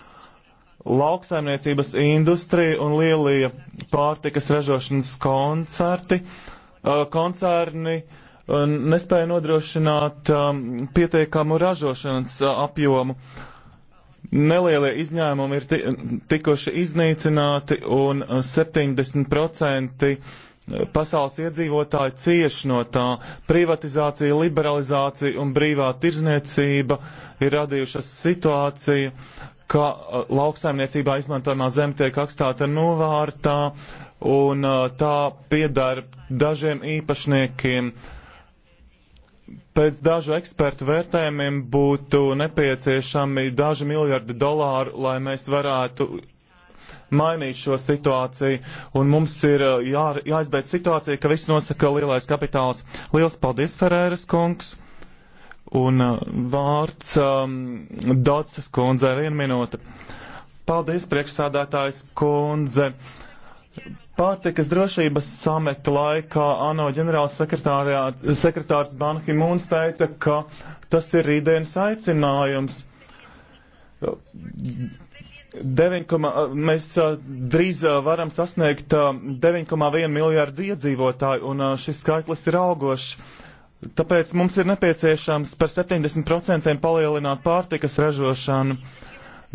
C: lauksaimniecības industrija un lielie pārtikas ražošanas koncerti, uh, koncerni uh, nespēja nodrošināt um, pietiekamu ražošanas uh, apjomu. Nelielie izņēmumi ir tikuši iznīcināti un 70% pasaules iedzīvotāji cieš no tā. Privatizācija, liberalizācija un brīvā tirzniecība ir radījušas situāciju, ka uh, lauksaimniecībā izmantojamā zeme tiek atstāta novārtā un uh, tā piedara dažiem īpašniekiem. Pēc dažu ekspertu vērtējumiem būtu nepieciešami daži miljardi dolāru, lai mēs varētu mainīt šo situāciju, un mums ir uh, jā, jāizbeidz situācija, ka viss nosaka lielais kapitāls. Liels paldies, Ferēras kungs! Un uh, vārds um, Dotsas kundze, viena minūte. Paldies, priekšsādātājs kundze. Pārtikas drošības sameta laikā ANO ģenerālsekretārs Banhi Mūns teica, ka tas ir rītdienas aicinājums. 9, mēs uh, drīz uh, varam sasniegt 9,1 miljārdu iedzīvotāju, un šis skaitlis ir augošs. Tāpēc mums ir nepieciešams par 70% palielināt pārtikas ražošanu.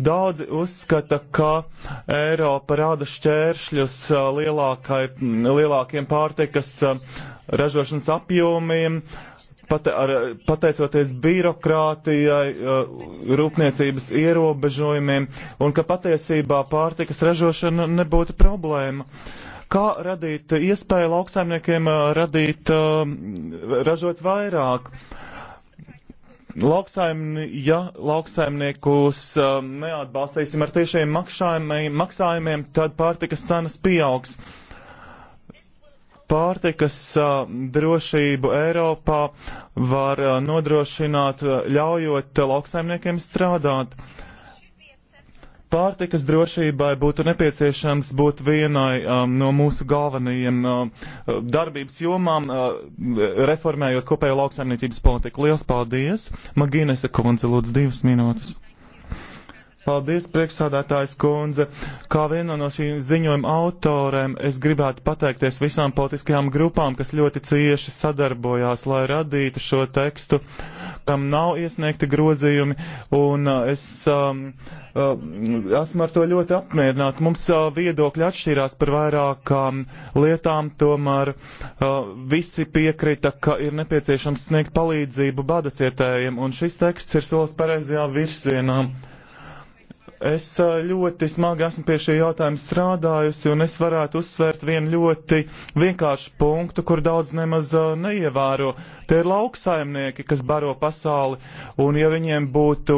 C: Daudzi uzskata, ka Eiropa rada šķēršļus lielākai, lielākiem pārtikas ražošanas apjomiem, pate, ar, pateicoties birokrātijai, rūpniecības ierobežojumiem, un ka patiesībā pārtikas ražošana nebūtu problēma. Uh, Kā radīt iespēju lauksaimniekiem radīt, ražot vairāk? Lauksaimni, ja lauksaimniekus neatbalstīsim ar tiešiem maksājumiem, tad pārtikas cenas pieaugs pārtikas uh, drošību Eiropā var uh, nodrošināt, uh, ļaujot lauksaimniekiem strādāt. Pārtikas drošībai būtu nepieciešams būt vienai um, no mūsu galvenajiem um, darbības jomām, uh, reformējot kopējo lauksaimniecības politiku. Lielas paldies! Magīnese Konze, lūdzu, divas minūtes. Paldies, priekšsādātājs kundze. Kā viena no šīm ziņojuma autoriem, es gribētu pateikties visām politiskajām grupām, kas ļoti cieši sadarbojās, lai radītu šo tekstu, kam nav iesniegti grozījumi, un uh, es um, uh, esmu ar to ļoti apmierināta. Mums uh, viedokļi atšķīrās par vairākām lietām, tomēr uh, visi piekrita, ka ir nepieciešams sniegt palīdzību bada cietējiem, un šis teksts ir solis pareizajā virsienā. Mm Es ļoti smagi esmu pie šī jautājuma strādājusi, un es varētu uzsvērt vienu ļoti vienkāršu punktu, kur daudz nemaz neievēro. Tie ir lauksaimnieki, kas baro pasauli, un ja viņiem būtu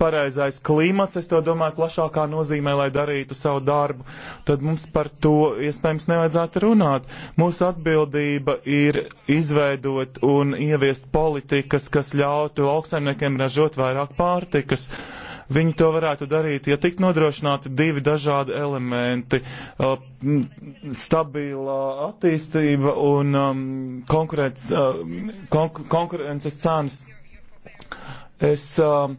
C: pareizais klimats, es to domāju plašākā nozīmē, lai darītu savu darbu, tad mums par to iespējams nevajadzētu runāt. Mūsu atbildība ir izveidot un ieviest politikas, kas ļautu lauksaimniekiem ražot vairāk pārtikas. Uh, Viņi to varētu darīt, ja tik nodrošināti divi dažādi elementi - stabilā attīstība un um, konkurence, uh, konkur konkurences cenas. Es uh,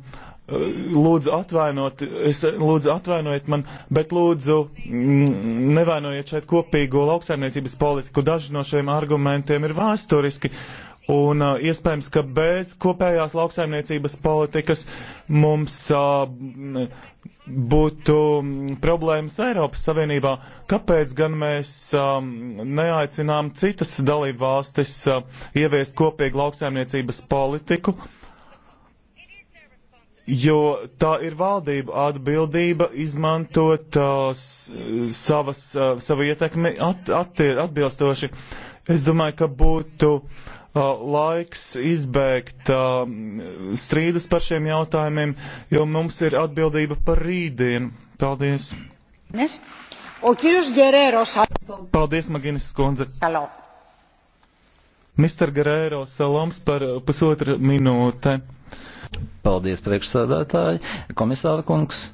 C: lūdzu atvainot, es lūdzu atvainojiet man, bet lūdzu nevainojiet šeit kopīgo lauksaimniecības politiku. Daži no šiem argumentiem ir vēsturiski. Uh, Un uh, iespējams, ka bez kopējās lauksaimniecības politikas mums uh, būtu mm, problēmas Eiropas Savienībā. Kāpēc gan mēs um, neaicinām citas dalību valstis uh, ieviest kopīgu lauksaimniecības politiku? Jo tā ir valdība atbildība izmantot uh, savas, uh, savu ietekmi at, at, atbilstoši. Es domāju, ka būtu uh, Uh, laiks izbēgt uh, strīdus par šiem jautājumiem, jo mums ir atbildība par rītdienu. Paldies!
B: Mēs. O Kirjus Gerēros.
C: Paldies, Maginis Skundze. Halo. Mr. Gerēro Saloms par uh, pusotru minūte.
A: Paldies, priekšsādātāji. Komisāra kungs.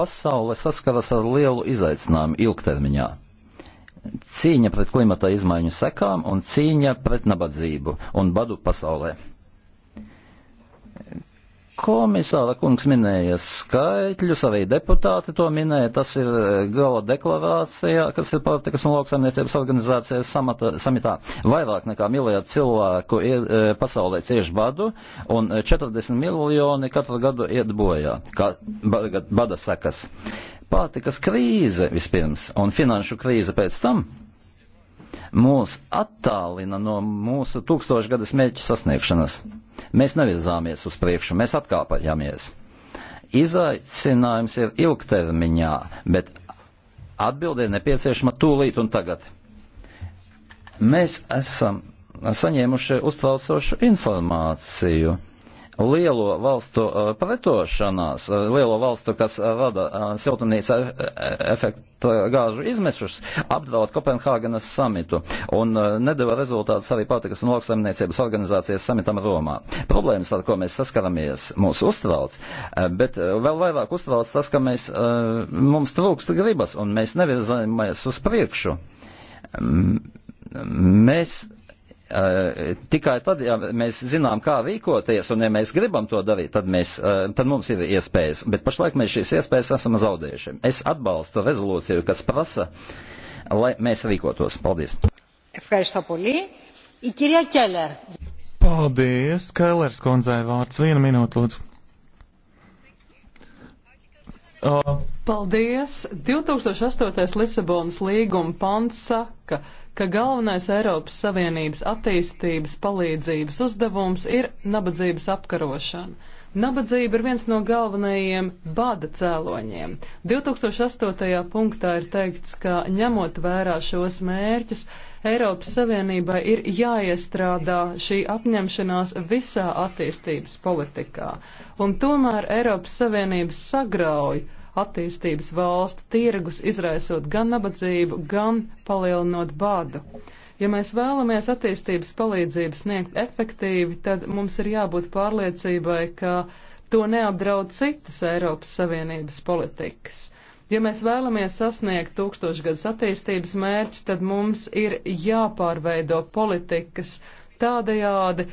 A: Pasaule saskaras ar lielu izaicinājumu ilgtermiņā cīņa pret klimata izmaiņu sekām un cīņa pret nabadzību un badu pasaulē. Komisāra kungs minēja skaitļus, arī deputāti to minēja. Tas ir e, gala deklarācijā, kas ir pārtikas un lauksaimniecības organizācijas samata, samitā. Vairāk nekā miljardu cilvēku ir, e, pasaulē cieši badu, un 40 e, miljoni katru gadu iet bojā, kā bada sekas pārtikas krīze vispirms un finanšu krīze pēc tam mūs attālina no mūsu tūkstošgadas mērķu sasniegšanas. Mēs nevirzāmies uz priekšu, mēs atkāpājāmies. Izaicinājums ir ilgtermiņā, bet atbilde ir nepieciešama tūlīt un tagad. Mēs esam saņēmuši uztraucošu informāciju lielo valstu uh, pretošanās, uh, lielo valstu, kas rada uh, siltumnīca e, efekta gāžu izmešus, apdraud Kopenhāgenes samitu un nedeva rezultātus arī pārtikas un lauksaimniecības organizācijas samitam Romā. Problēmas, ar ko mēs saskaramies, mūs uztrauc, bet vēl vairāk uztrauc tas, ka mēs, mums trūkst gribas un mēs nevirzamies uz priekšu. Mēs Eh, tikai tad, ja mēs zinām, kā rīkoties, un ja mēs gribam to darīt, tad, mēs, eh, tad mums ir iespējas. Bet pašlaik mēs šīs iespējas esam zaudējuši. Es atbalstu rezolūciju, kas prasa, lai mēs rīkotos. Paldies!
C: Paldies, Kailers kundzei vārds. Vienu minūtu, lūdzu.
B: Paldies! 2008. Lisabonas līguma pants saka, ka galvenais Eiropas Savienības attīstības palīdzības uzdevums ir nabadzības apkarošana. Nabadzība ir viens no galvenajiem bada cēloņiem. 2008. punktā ir teikts, ka ņemot vērā šos mērķus, Eiropas Savienībai ir jāiestrādā šī apņemšanās visā attīstības politikā. Un tomēr Eiropas Savienības sagrauj attīstības valstu tirgus, izraisot gan nabadzību, gan palielinot badu. Ja mēs vēlamies attīstības palīdzību sniegt efektīvi, tad mums ir jābūt pārliecībai, ka to neapdraud citas Eiropas Savienības politikas. Ja mēs vēlamies sasniegt tūkstošgadus attīstības mērķus, tad mums ir jāpārveido politikas tādajādi,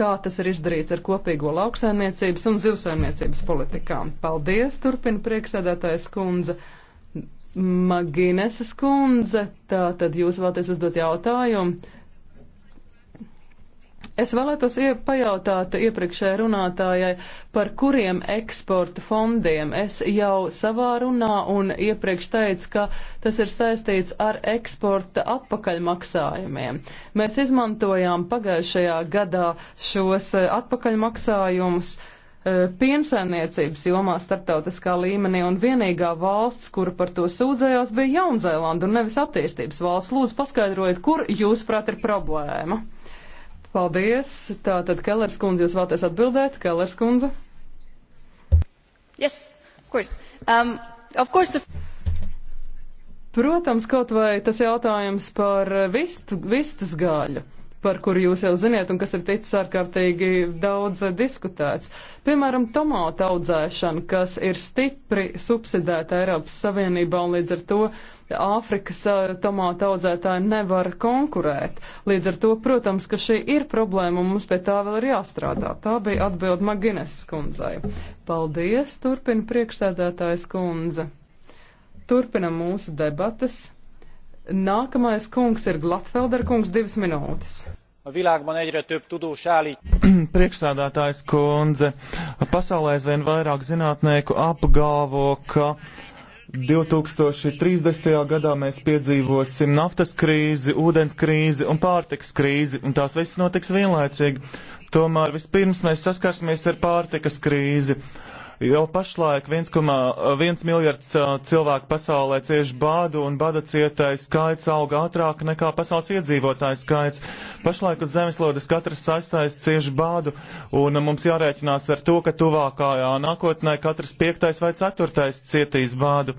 B: kā tas ir izdarīts ar kopīgo lauksaimniecības un zivsaimniecības politikām. Paldies, turpina priekšsēdētājs kundze. Magineses kundze, tā tad jūs vēlaties uzdot jautājumu. Es vēlētos ie, pajautāt iepriekšējai runātājai, par kuriem eksporta fondiem. Es jau savā runā un iepriekš teicu, ka tas ir saistīts ar eksporta atpakaļmaksājumiem. Mēs izmantojām pagājušajā gadā šos e, atpakaļmaksājumus e, piensaimniecības jomā starptautiskā līmenī, un vienīgā valsts, kura par to sūdzējās, bija Jaunzēlanda un nevis attīstības valsts. Lūdzu, paskaidrojiet, kur jūs prāt ir problēma? Paldies. Tātad, Kellers kundze, jūs vēlaties atbildēt? Kellers kundze.
A: Yes, of course. Um,
B: of course the... Protams, kaut vai tas jautājums par vist, vistas gāļu, par kuru jūs jau ziniet un kas ir ticis ārkārtīgi daudz diskutēts. Piemēram, tomāta audzēšana, kas ir stipri subsidēta Eiropas Savienībā un līdz ar to Āfrikas tomātu audzētāji nevar konkurēt. Līdz ar to, protams, ka šī ir problēma un mums pie tā vēl ir jāstrādā. Tā bija atbilde Magines skundzai. Paldies, turpina priekšsēdētājs kundze. Turpinam mūsu debatas. Nākamais kungs ir Glatfelder kungs divas minūtes.
A: A világban egyre több tudós állít.
C: Priekšsādātājs kundze, pasaulē aizvien vairāk zinātnieku apgalvo, ka uh, 2030. gadā mēs piedzīvosim naftas krīzi, ūdens krīzi un pārtikas krīzi, un tās viss notiks vienlaicīgi. Tomēr vispirms mēs saskarsimies ar pārtikas krīzi. Jau pašlaik 1,1 miljards cilvēku pasaulē cieši bādu un bada cietais skaits auga ātrāk nekā pasaules iedzīvotāju skaits. Pašlaik uz zemeslodes katrs saistais cieši bādu un mums jārēķinās ar to, ka tuvākajā nākotnē katrs piektais vai ceturtais cietīs bādu.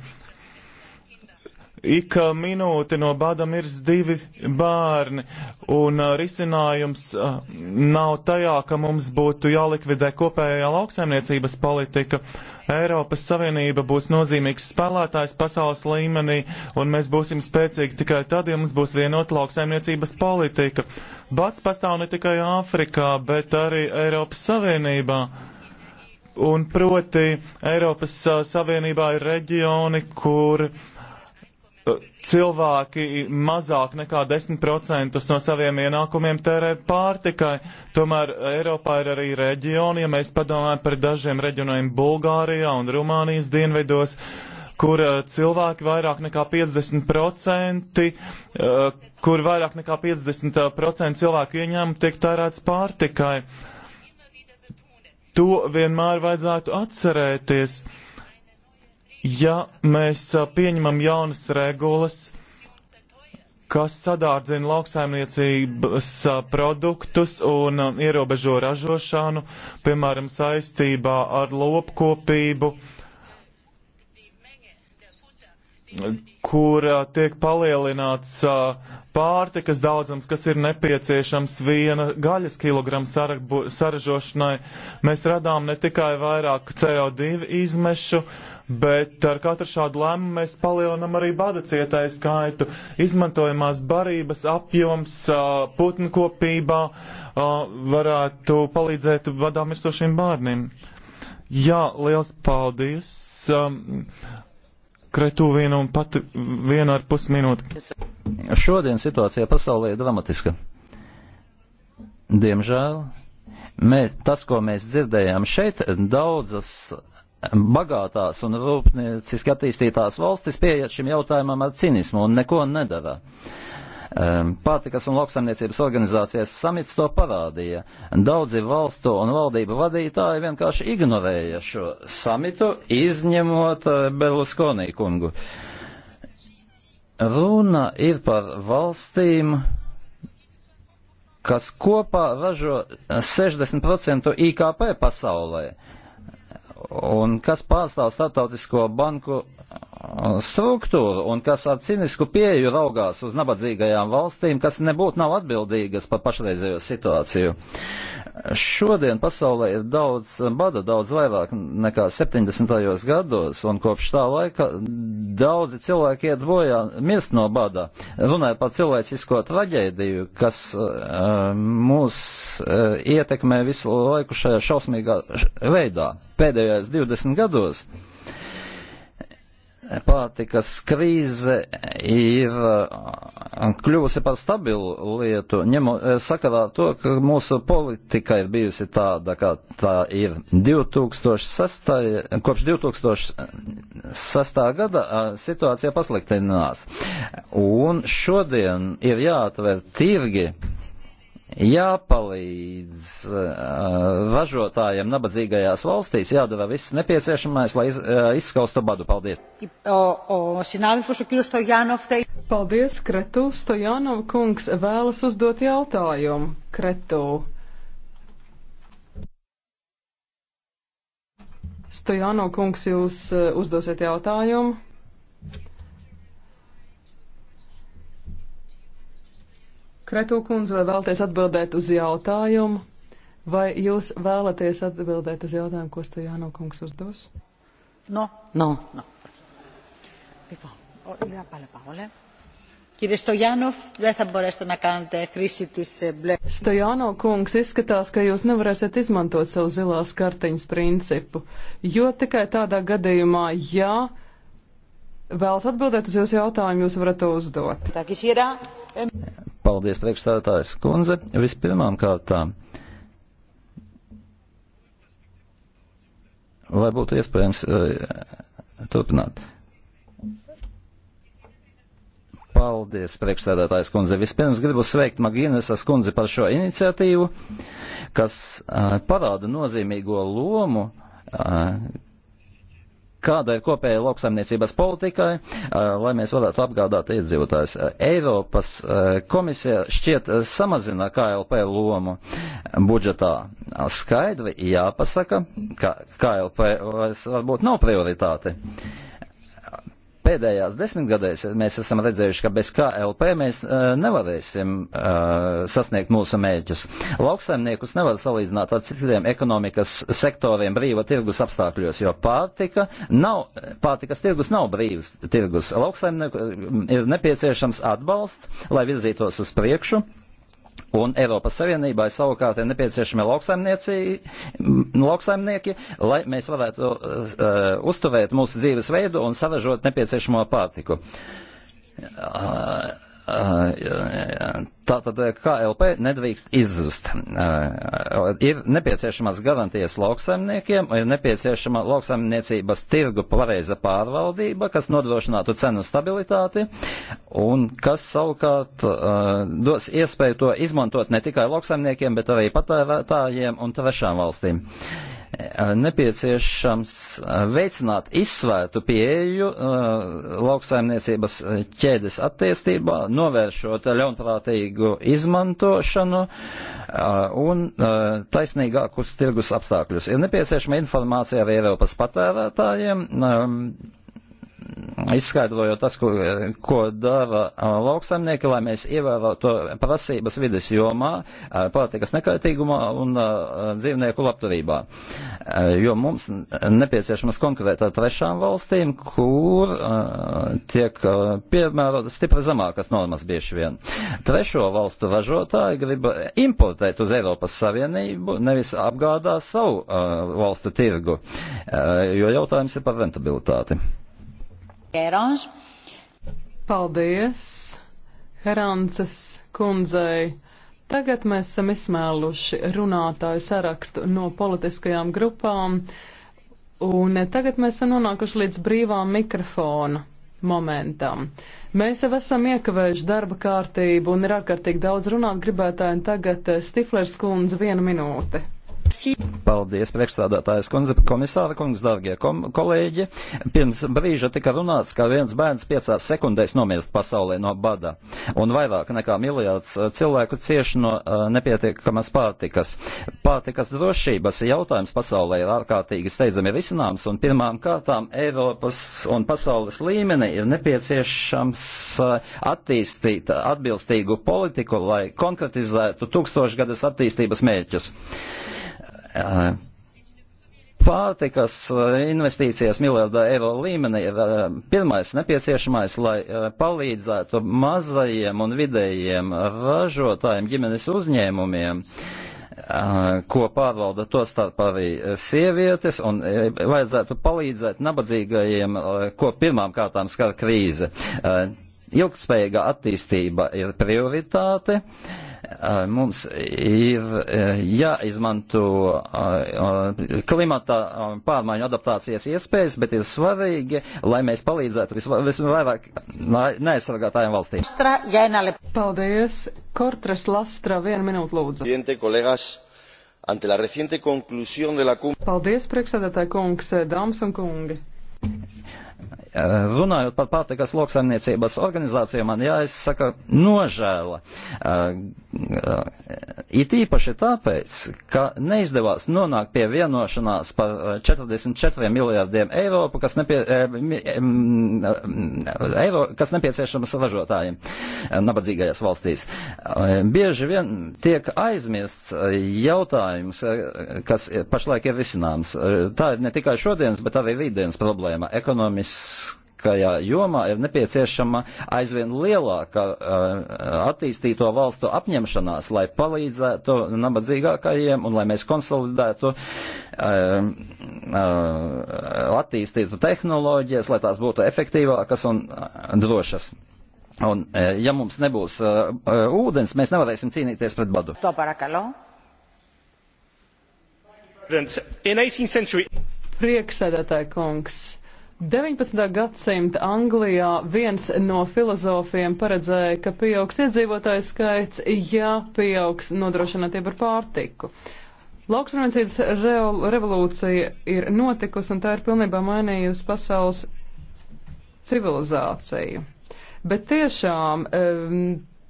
C: Ik minūte no bada mirst divi bērni, un risinājums nav tajā, ka mums būtu jālikvidē kopējā lauksaimniecības politika. Eiropas Savienība būs nozīmīgs spēlētājs pasaules līmenī, un mēs būsim spēcīgi tikai tad, ja mums būs vienota lauksaimniecības politika. Bats pastāv ne tikai Āfrikā, bet arī Eiropas Savienībā. Un proti Eiropas Savienībā ir reģioni, kur uh, cilvēki mazāk nekā 10% no saviem ienākumiem tērē pārtikai. Tomēr Eiropā ir arī reģioni, ja mēs padomājam par dažiem reģioniem Bulgārijā un Rumānijas dienvidos, kur eh, cilvēki vairāk nekā 50%, eh, kur vairāk nekā 50% cilvēku ieņēmumu tiek tērēts pārtikai. To vienmēr vajadzētu atcerēties. Uh, ja mēs pieņemam jaunas regulas, kas sadārdzina lauksaimniecības produktus un ierobežo ražošanu, piemēram, saistībā ar lopkopību, kur tiek palielināts pārtikas daudzums, kas ir nepieciešams viena gaļas kilogramu saražošanai. Mēs radām ne tikai vairāk CO2 izmešu, bet ar katru šādu lēmumu mēs palielinam arī bada cietāju skaitu, izmantojamās barības apjoms putnu kopībā varētu palīdzēt badā mirstošiem bērniem. Jā, liels paldies!
A: Kretu vienu un pat vienu ar pus minūti. Šodien situācija pasaulē ir dramatiska. Diemžēl mē, tas, ko mēs dzirdējām šeit, daudzas bagātās un rūpnieciski attīstītās valstis pieiet šim jautājumam ar cinismu un neko nedara. Ehm, pārtikas un lauksaimniecības organizācijas samits to parādīja. Daudzi valstu un valdību vadītāji vienkārši ignorēja šo samitu, izņemot eh, Berluskonī kungu. Runa ir par valstīm, kas kopā ražo 60% IKP pasaulē. Uh, un kas pārstāv Startautisko banku struktūru un kas ar cinisku pieeju raugās uz nabadzīgajām valstīm, kas nebūtu nav atbildīgas par pašreizējo situāciju. Šodien pasaulē ir daudz bada, daudz vairāk nekā 70. gados, un kopš tā laika daudzi cilvēki iet bojā, mirst no bada. Runāja par cilvēcisko traģēdiju, kas uh, mūs uh, ietekmē visu laiku šajā šausmīgā veidā. Pēdējais 20 gados uh, pārtikas krīze ir uh, kļuvusi par stabilu lietu, ņemot eh, sakarā to, ka mūsu politika ir bijusi tāda, kā tā ir 2006, kopš 2006. gada eh, situācija pasliktinās. Un šodien ir jāatver tirgi jāpalīdz uh, ražotājiem nabadzīgajās valstīs, jādara viss nepieciešamais, lai iz, uh, izskaustu badu. Paldies!
B: Paldies, Kretu! Stojanov kungs vēlas uzdot jautājumu. Kretu! Stojanov kungs, jūs uzdosiet jautājumu? Kreto kundze, vai vēlaties atbildēt uz jautājumu, vai jūs vēlaties atbildēt uz jautājumu, ko Stojāno kungs uzdos? No. No. no. Κύριε Στογιάνοφ, δεν θα μπορέσετε να κάνετε χρήση της μπλε... Στογιάνο kungs, izskatās, ka jūs nevarēsiet izmantot savu zilās kartiņas principu, jo tikai tādā gadījumā, ja vēlas atbildēt uz jūsu jautājumu, jūs varat to uzdot.
A: Paldies, priekšstādātājs kundze. Vispirmām kārtām, vai būtu iespējams uh, turpināt? Paldies, priekšstādātājs kundze. Vispirms gribu sveikt Magīnesas kundzi par šo iniciatīvu, kas uh, parāda nozīmīgo lomu uh, kāda ir kopēja lauksaimniecības politikai, eh, lai mēs varētu apgādāt iedzīvotājus. Eiropas eh, komisija šķiet eh, samazina KLP lomu budžetā. Skaidri jāpasaka, ka KLP varbūt nav prioritāte pēdējās desmitgadēs mēs esam redzējuši, ka bez KLP mēs eh, nevarēsim eh, sasniegt mūsu mēģus. Lauksaimniekus nevar salīdzināt ar citiem ekonomikas sektoriem brīva tirgus apstākļos, jo pārtika nav, pārtikas tirgus nav brīvs tirgus. Lauksaimnieku eh, ir nepieciešams atbalsts, lai virzītos uz priekšu. Un Eiropas Savienībai savukārt ir nepieciešami lauksaimnieki, lai mēs varētu uh, uzturēt mūsu dzīves veidu un saražot nepieciešamo pārtiku. Uh, Tātad eh, KLP nedrīkst izzust. Eh, ir nepieciešamas garantijas lauksaimniekiem, ir nepieciešama lauksaimniecības tirgu pareiza pārvaldība, kas nodrošinātu cenu stabilitāti un kas savukārt eh, dos iespēju to izmantot ne tikai lauksaimniekiem, bet arī patērētājiem un trešām valstīm. Uh, Eh, nepieciešams eh, veicināt izsvērtu pieeju eh, lauksaimniecības ķēdes attīstībā, novēršot ļaunprātīgu izmantošanu un taisnīgākus tirgus apstākļus. Ir nepieciešama informācija arī Eiropas patērētājiem izskaidrojot tas, ko, ko dara lauksaimnieki, lai mēs ievērotu prasības vidas jomā, pārtikas nekaitīgumā un dzīvnieku labturībā. Jo mums nepieciešamas konkrēta trešām valstīm, kur tiek piemērotas stipri zemākas normas bieži vien. Trešo valstu ražotāji grib importēt uz Eiropas Savienību, nevis apgādā savu valstu tirgu, jo jautājums ir par rentabilitāti.
B: Kērons. Paldies Herances kundzei. Tagad mēs esam izsmēluši runātāju sarakstu no politiskajām grupām, un tagad mēs esam nonākuši līdz brīvā mikrofona momentam. Mēs jau esam iekavējuši darba kārtību un ir ārkārtīgi daudz runāt gribētāji, un tagad eh, Stiflers kundze viena minūte.
A: Paldies, priekšstādātājs kundze, komisāra kungs, dargie kom kolēģi. Pirms brīža tika runāts, ka viens bērns piecās sekundēs nomirst pasaulē no bada, un vairāk nekā miljārds eh, cilvēku cieši no uh, nepietiekamas pārtikas. Pārtikas drošības jautājums pasaulē ir ārkārtīgi steidzami risināms, un pirmām kārtām Eiropas un pasaules līmenī ir nepieciešams uh, attīstīt atbilstīgu politiku, lai konkretizētu tūkstošgadas attīstības mērķus. Eh, pārtikas eh, investīcijas miljardā eiro līmenī ir eh, pirmais nepieciešamais, lai palīdzētu mazajiem un vidējiem ražotājiem, ģimenes uzņēmumiem ko pārvalda to starp arī sievietes, un vajadzētu palīdzēt nabadzīgajiem, ko pirmām kārtām skar krīze. Ilgspējīga attīstība ir prioritāte. Uh, Eh, mums ir eh, jāizmanto eh, klimata pārmaiņu adaptācijas iespējas, bet ir svarīgi, lai mēs palīdzētu visvairāk neaizsargātājiem valstīm.
B: Paldies! Kortres Lastra, viena minūte
A: lūdzu ante la reciente conclusión
B: de la cumbre. Paldies, priekšsēdētāji kungs, dāmas un kungi.
A: Runājot par pārtikas lauksaimniecības organizāciju, man jāizsaka nožēla. Uh, Uh, it īpaši tāpēc, ka neizdevās nonākt pie vienošanās par 44 uh, miljārdiem eiro, kas, nepie, uh, um, eiro, kas nepieciešamas ražotājiem nabadzīgajās valstīs. Bieži vien tiek aizmirsts jautājums, kas pašlaik ir risināms. Tā ir ne tikai šodienas, bet arī rītdienas problēma - ekonomiski šajā jomā ir nepieciešama aizvien lielāka eh, attīstīto valstu apņemšanās, lai palīdzētu nabadzīgākajiem un lai mēs konsolidētu, eh, eh, attīstītu tehnoloģijas, lai tās būtu efektīvākas un drošas. Un, ja mums nebūs uh, uh, ūdens, mēs nevarēsim cīnīties pret badu. To parakalo. Prieksēdētāji
B: kungs. 19. gadsimta Anglijā viens no filozofiem paredzēja, ka pieaugs iedzīvotāju skaits, ja pieaugs nodrošinātība ar pārtiku. Lauksaimniecības revolūcija ir notikusi un tā ir pilnībā mainījusi pasaules civilizāciju. Bet tiešām um,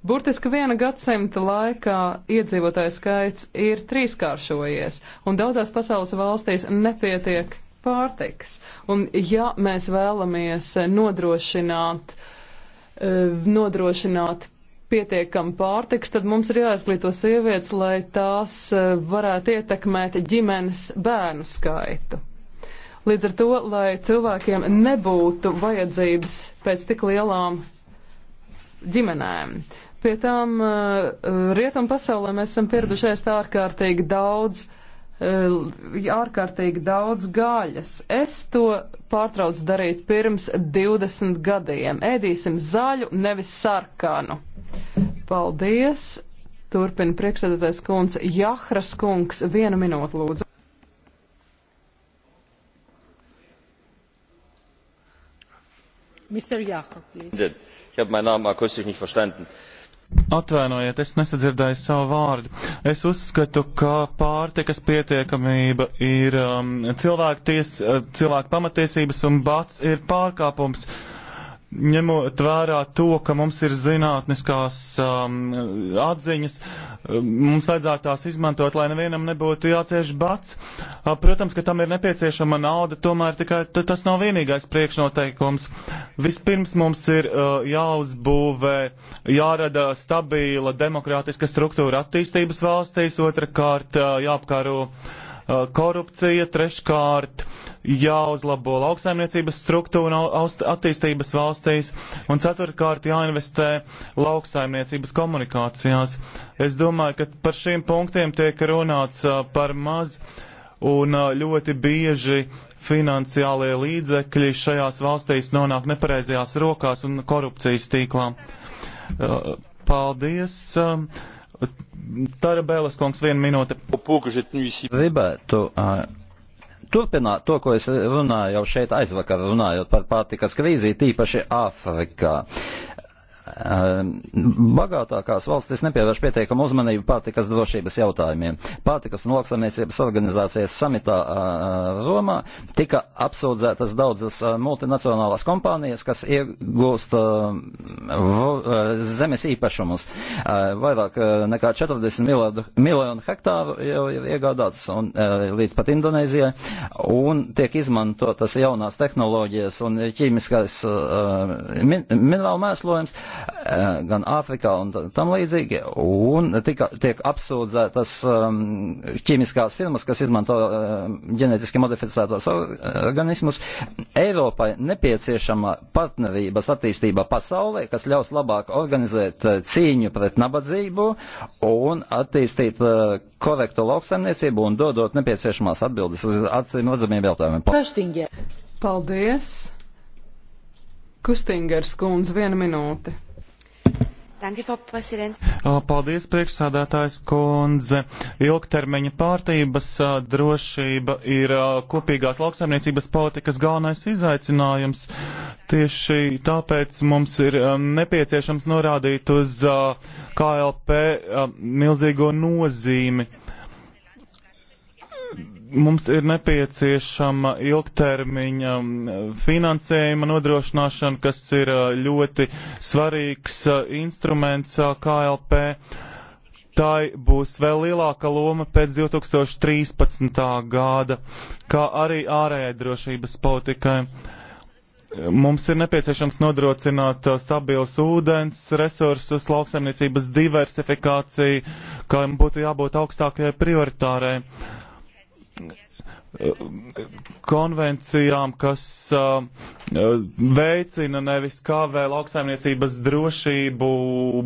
B: Burtiski viena gadsimta laikā iedzīvotāju skaits ir trīskāršojies, un daudzās pasaules valstīs nepietiek pārtiks. Un ja mēs vēlamies nodrošināt, e, nodrošināt pietiekam pārtiks, tad mums ir jāizglīto sievietes, lai tās e, varētu ietekmēt ģimenes bērnu skaitu. Līdz ar to, lai cilvēkiem nebūtu vajadzības pēc tik lielām ģimenēm. Pie tām e, rietumu pasaulē mēs esam pieradušies ārkārtīgi daudz uh, Eh, ārkārtīgi daudz gaļas. Es to pārtraucu darīt pirms 20 gadiem. Ēdīsim zaļu, nevis sarkanu. Paldies! Turpina priekšsēdētais kungs Jahras kungs. Vienu minūtu lūdzu.
C: Mr. Jakob,
A: please. Ich habe meinen Namen akustisch nicht verstanden.
C: Atvainojiet, es nesadzirdēju savu vārdu. Es uzskatu, ka pārtikas pietiekamība ir um, cilvēku, ties, uh, cilvēku pamatiesības un bats ir pārkāpums. Uh, ņemot vērā to, ka mums ir zinātniskās um, atziņas, um, mums vajadzētu tās izmantot, lai nevienam nebūtu jācieš bats. Uh, protams, ka tam ir nepieciešama nauda, tomēr tikai tas nav vienīgais priekšnoteikums. Vispirms mums ir uh, jāuzbūvē, jārada stabila demokrātiska struktūra attīstības valstīs, otrkārt uh, jāapkaro. Uh, Uh, korupcija, treškārt jāuzlabo lauksaimniecības struktūra attīstības valstīs, un ceturtkārt jāinvestē lauksaimniecības komunikācijās. Es domāju, ka par šiem punktiem tiek runāts uh, par maz, un uh, ļoti bieži finansiālie līdzekļi šajās valstīs nonāk nepareizajās rokās un korupcijas tīklā. Paldies! Um,
A: Tarabēlas kungs, viena minūte. Gribētu turpināt to, ko es runāju jau šeit aizvakar, runājot par pārtikas krīzi, tīpaši Āfrikā bagātākās valstis nepievērš pietiekamu uzmanību pārtikas drošības jautājumiem. Pārtikas un lauksaimniecības organizācijas samitā Romā tika apsūdzētas daudzas multinacionālās kompānijas, kas iegūst zemes īpašumus. Vairāk nekā 40 miljardu, miljonu hektāru jau ir iegādāts un, līdz pat Indonēzijai un tiek izmantotas jaunās tehnoloģijas un ķīmiskais min minerālu mēslojums. Eh, gan Āfrikā un tam līdzīgi, un tika, tiek apsūdzētas ehm, ķīmiskās firmas, kas izmanto ehm, ģenetiski modificētos organismus. Eiropai nepieciešama partnerības attīstība pasaulē, kas ļaus labāk organizēt eh, cīņu pret nabadzību un attīstīt eh, korektu lauksaimniecību un dodot nepieciešamās atbildes uz acīm redzamiem
B: jautājumiem. Paldies! Kustingers kundze, viena minūte.
C: Paldies, priekšsādātājs kundze. Ilgtermiņa pārtības drošība ir kopīgās lauksaimniecības politikas galvenais izaicinājums. Tieši tāpēc mums ir nepieciešams norādīt uz KLP milzīgo nozīmi Mums ir nepieciešama ilgtermiņa finansējuma nodrošināšana, kas ir ļoti svarīgs instruments KLP. Tā būs vēl lielāka loma pēc 2013. gada, kā arī ārējai drošības politikai. Mums ir nepieciešams nodrošināt stabilus ūdens resursus, lauksaimniecības diversifikāciju, kā būtu jābūt augstākajai prioritārai konvencijām, kas uh, uh, veicina nevis kā vēl lauksaimniecības drošību,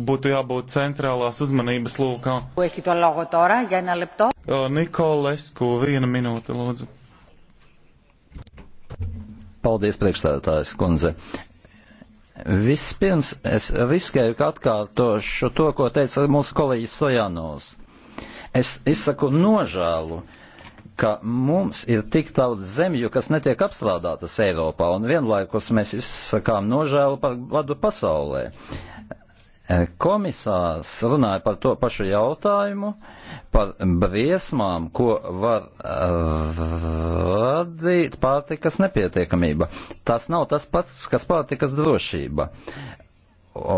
C: būtu jābūt centrālās uzmanības lūkā.
B: Eh?
C: Uh, Nikolesku, viena minūte, lūdzu.
A: Paldies, priekšstādātājs kundze. Vispirms es riskēju, ka atkārtošu to, ko teica mūsu kolēģis Sojanovs. Es izsaku nožēlu, uh, ka mums ir tik daudz zemju, kas netiek apstrādātas Eiropā, un vienlaikus mēs izsakām nožēlu par vadu pasaulē. Eh, komisārs runāja par to pašu jautājumu, par briesmām, ko var eh, radīt pārtikas nepietiekamība. Tas nav tas pats, kas pārtikas drošība.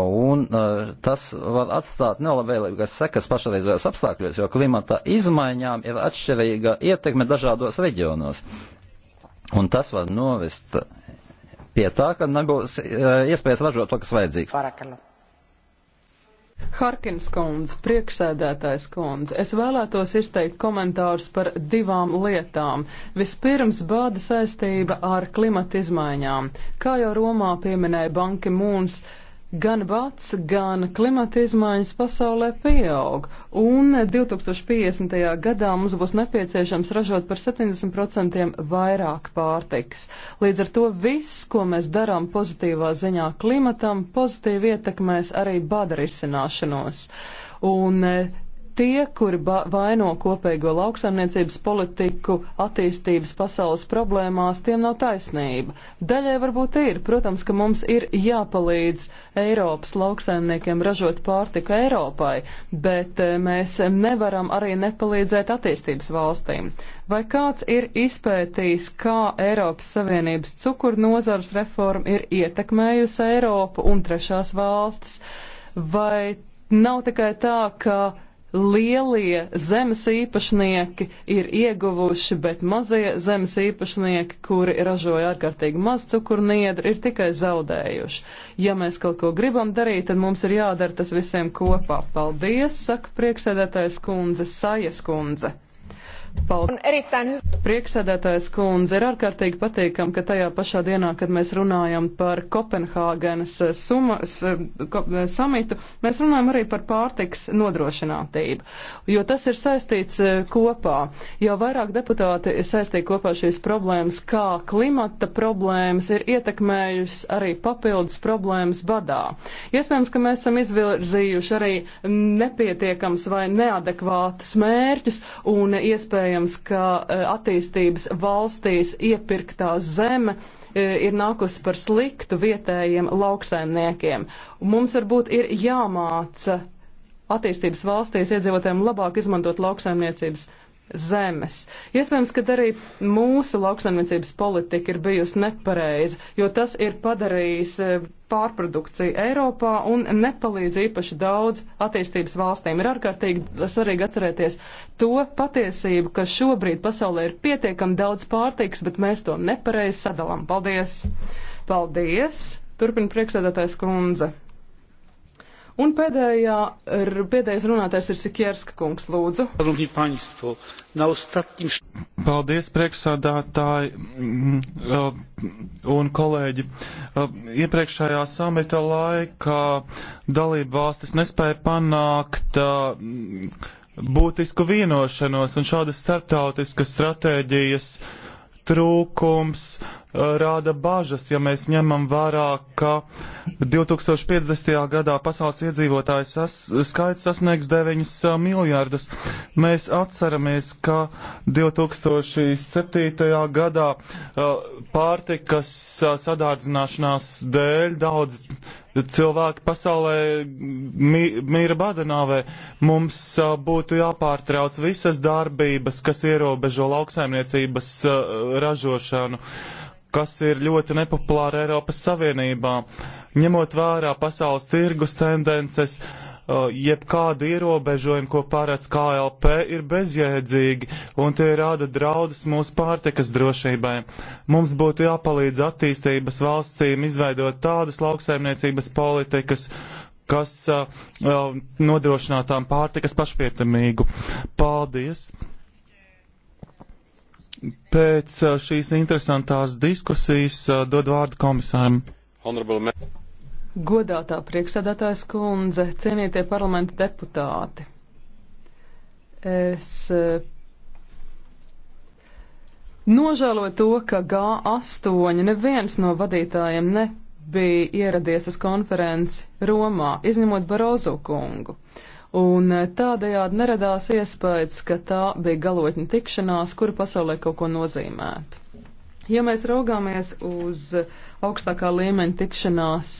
A: Un uh, tas var atstāt nelabvēlīgas sekas pašreizējos apstākļos, jo klimata izmaiņām ir atšķirīga ietekme dažādos reģionos. Un tas var novest pie tā, ka nebūs uh, iespējas ražot to, kas vajadzīgs. Parakalu.
B: Harkins kundze, priekšsēdētājs kundze, es vēlētos izteikt komentārus par divām lietām. Vispirms bāda saistība ar klimata izmaiņām. Kā jau Romā pieminēja Banki Mūns, uh, Gan bats, gan klimata izmaiņas pasaulē pieaug, un 2050. gadā mums būs nepieciešams ražot par 70% vairāk pārtikas. Līdz ar to viss, ko mēs darām pozitīvā ziņā klimatam, pozitīvi ietekmēs arī bada risināšanos. Un eh, tie, kuri vaino kopējo lauksaimniecības politiku attīstības pasaules problēmās, tiem nav taisnība. Daļai varbūt ir. Protams, ka mums ir jāpalīdz Eiropas lauksaimniekiem ražot pārtiku Eiropai, bet eh, mēs nevaram arī nepalīdzēt attīstības valstīm. Vai kāds ir izpētījis, kā Eiropas Savienības cukurnozars reforma ir ietekmējusi Eiropu un trešās valstis? Vai nav tikai tā, ka lielie zemes īpašnieki ir ieguvuši, bet mazie zemes īpašnieki, kuri ražoja ārkārtīgi maz cukurniedru, ir tikai zaudējuši. Ja mēs kaut ko gribam darīt, tad mums ir jādara tas visiem kopā. Paldies, saka priekšsēdētājs kundze, Sajas kundze. Paldies. Prieksēdētājs kundze ir ārkārtīgi patīkam, ka tajā pašā dienā, kad mēs runājam par Kopenhāgenes eh, sumas, eh, ko, eh, samitu, mēs runājam arī par pārtiks nodrošinātību, jo tas ir saistīts kopā. Jau vairāk deputāti saistīja kopā šīs problēmas, kā klimata problēmas ir ietekmējusi arī papildus problēmas badā. Iespējams, ka mēs esam izvirzījuši arī nepietiekams vai neadekvātus mērķus un iespējams, iespējams, ka e, attīstības valstīs iepirktā zeme e, ir nākusi par sliktu vietējiem lauksaimniekiem. Mums varbūt ir jāmāca attīstības valstīs iedzīvotājiem labāk izmantot lauksaimniecības zemes. Iespējams, ka arī mūsu lauksaimniecības politika ir bijusi nepareiza, jo tas ir padarījis e, pārprodukciju Eiropā un nepalīdz īpaši daudz attīstības valstīm. Ir ārkārtīgi svarīgi atcerēties to patiesību, ka šobrīd pasaulē ir pietiekami daudz pārtikas, bet mēs to nepareizi sadalām. Paldies! Paldies! Turpin priekšsēdētājs kundze. Un pēdējā, er, pēdējais runātājs ir Sikierska kungs, lūdzu.
C: Paldies, priekšsādātāji mm, eh, un kolēģi. Eh, iepriekšējā samita laikā dalība valstis nespēja panākt eh, būtisku vienošanos un šādas starptautiskas stratēģijas trūkums Uh, rāda bažas, ja mēs ņemam vērā, ka 2050. gadā pasaules iedzīvotāju sas, skaits sasniegs 9 uh, miljārdus. Mēs atceramies, ka 2007. gadā uh, pārtikas sadārdzināšanās dēļ daudz cilvēki pasaulē mīra badanāvē. Mums a, būtu jāpārtrauc visas darbības, kas ierobežo lauksaimniecības a, ražošanu kas ir ļoti nepopulāra Eiropas Savienībā. Ņemot vērā pasaules tirgus tendences, uh, jebkāda ierobežojuma, ko pārēc KLP, ir bezjēdzīgi, un tie rada draudus mūsu pārtikas drošībai. Mums būtu jāpalīdz attīstības valstīm izveidot tādas lauksaimniecības politikas, kas uh, uh nodrošinātām pārtikas pašpietamīgu. Paldies! Pēc šīs interesantās diskusijas dod vārdu komisāram.
A: Honorable.
B: Godātā priekšsēdētājs kundze, cienītie parlamenta deputāti. Es nožēloju to, ka G8 neviens no vadītājiem nebija ieradies uz konferenci Romā, izņemot Barozu kungu. Uh, un eh, tādējādi neradās iespējas, ka tā bija galotņa tikšanās, kura pasaulē kaut ko nozīmētu. Ja mēs raugāmies uz augstākā līmeņa tikšanās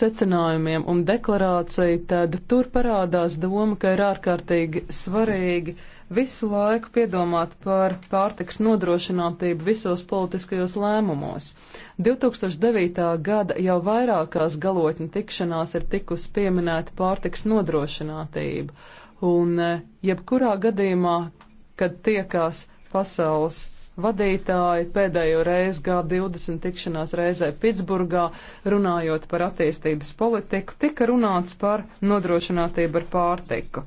B: secinājumiem un deklarāciju, tad tur parādās doma, ka ir ārkārtīgi svarīgi uh, visu laiku piedomāt par pārtiks nodrošinātību visos politiskajos lēmumos. 2009. gada jau vairākās galotņu tikšanās ir tikus pieminēta pārtiks nodrošinātība, un e, jebkurā gadījumā, kad tiekās pasaules vadītāji pēdējo reizi G20 tikšanās reizē Pitsburgā, runājot par attīstības politiku, tika runāts par nodrošinātību ar pārtiku.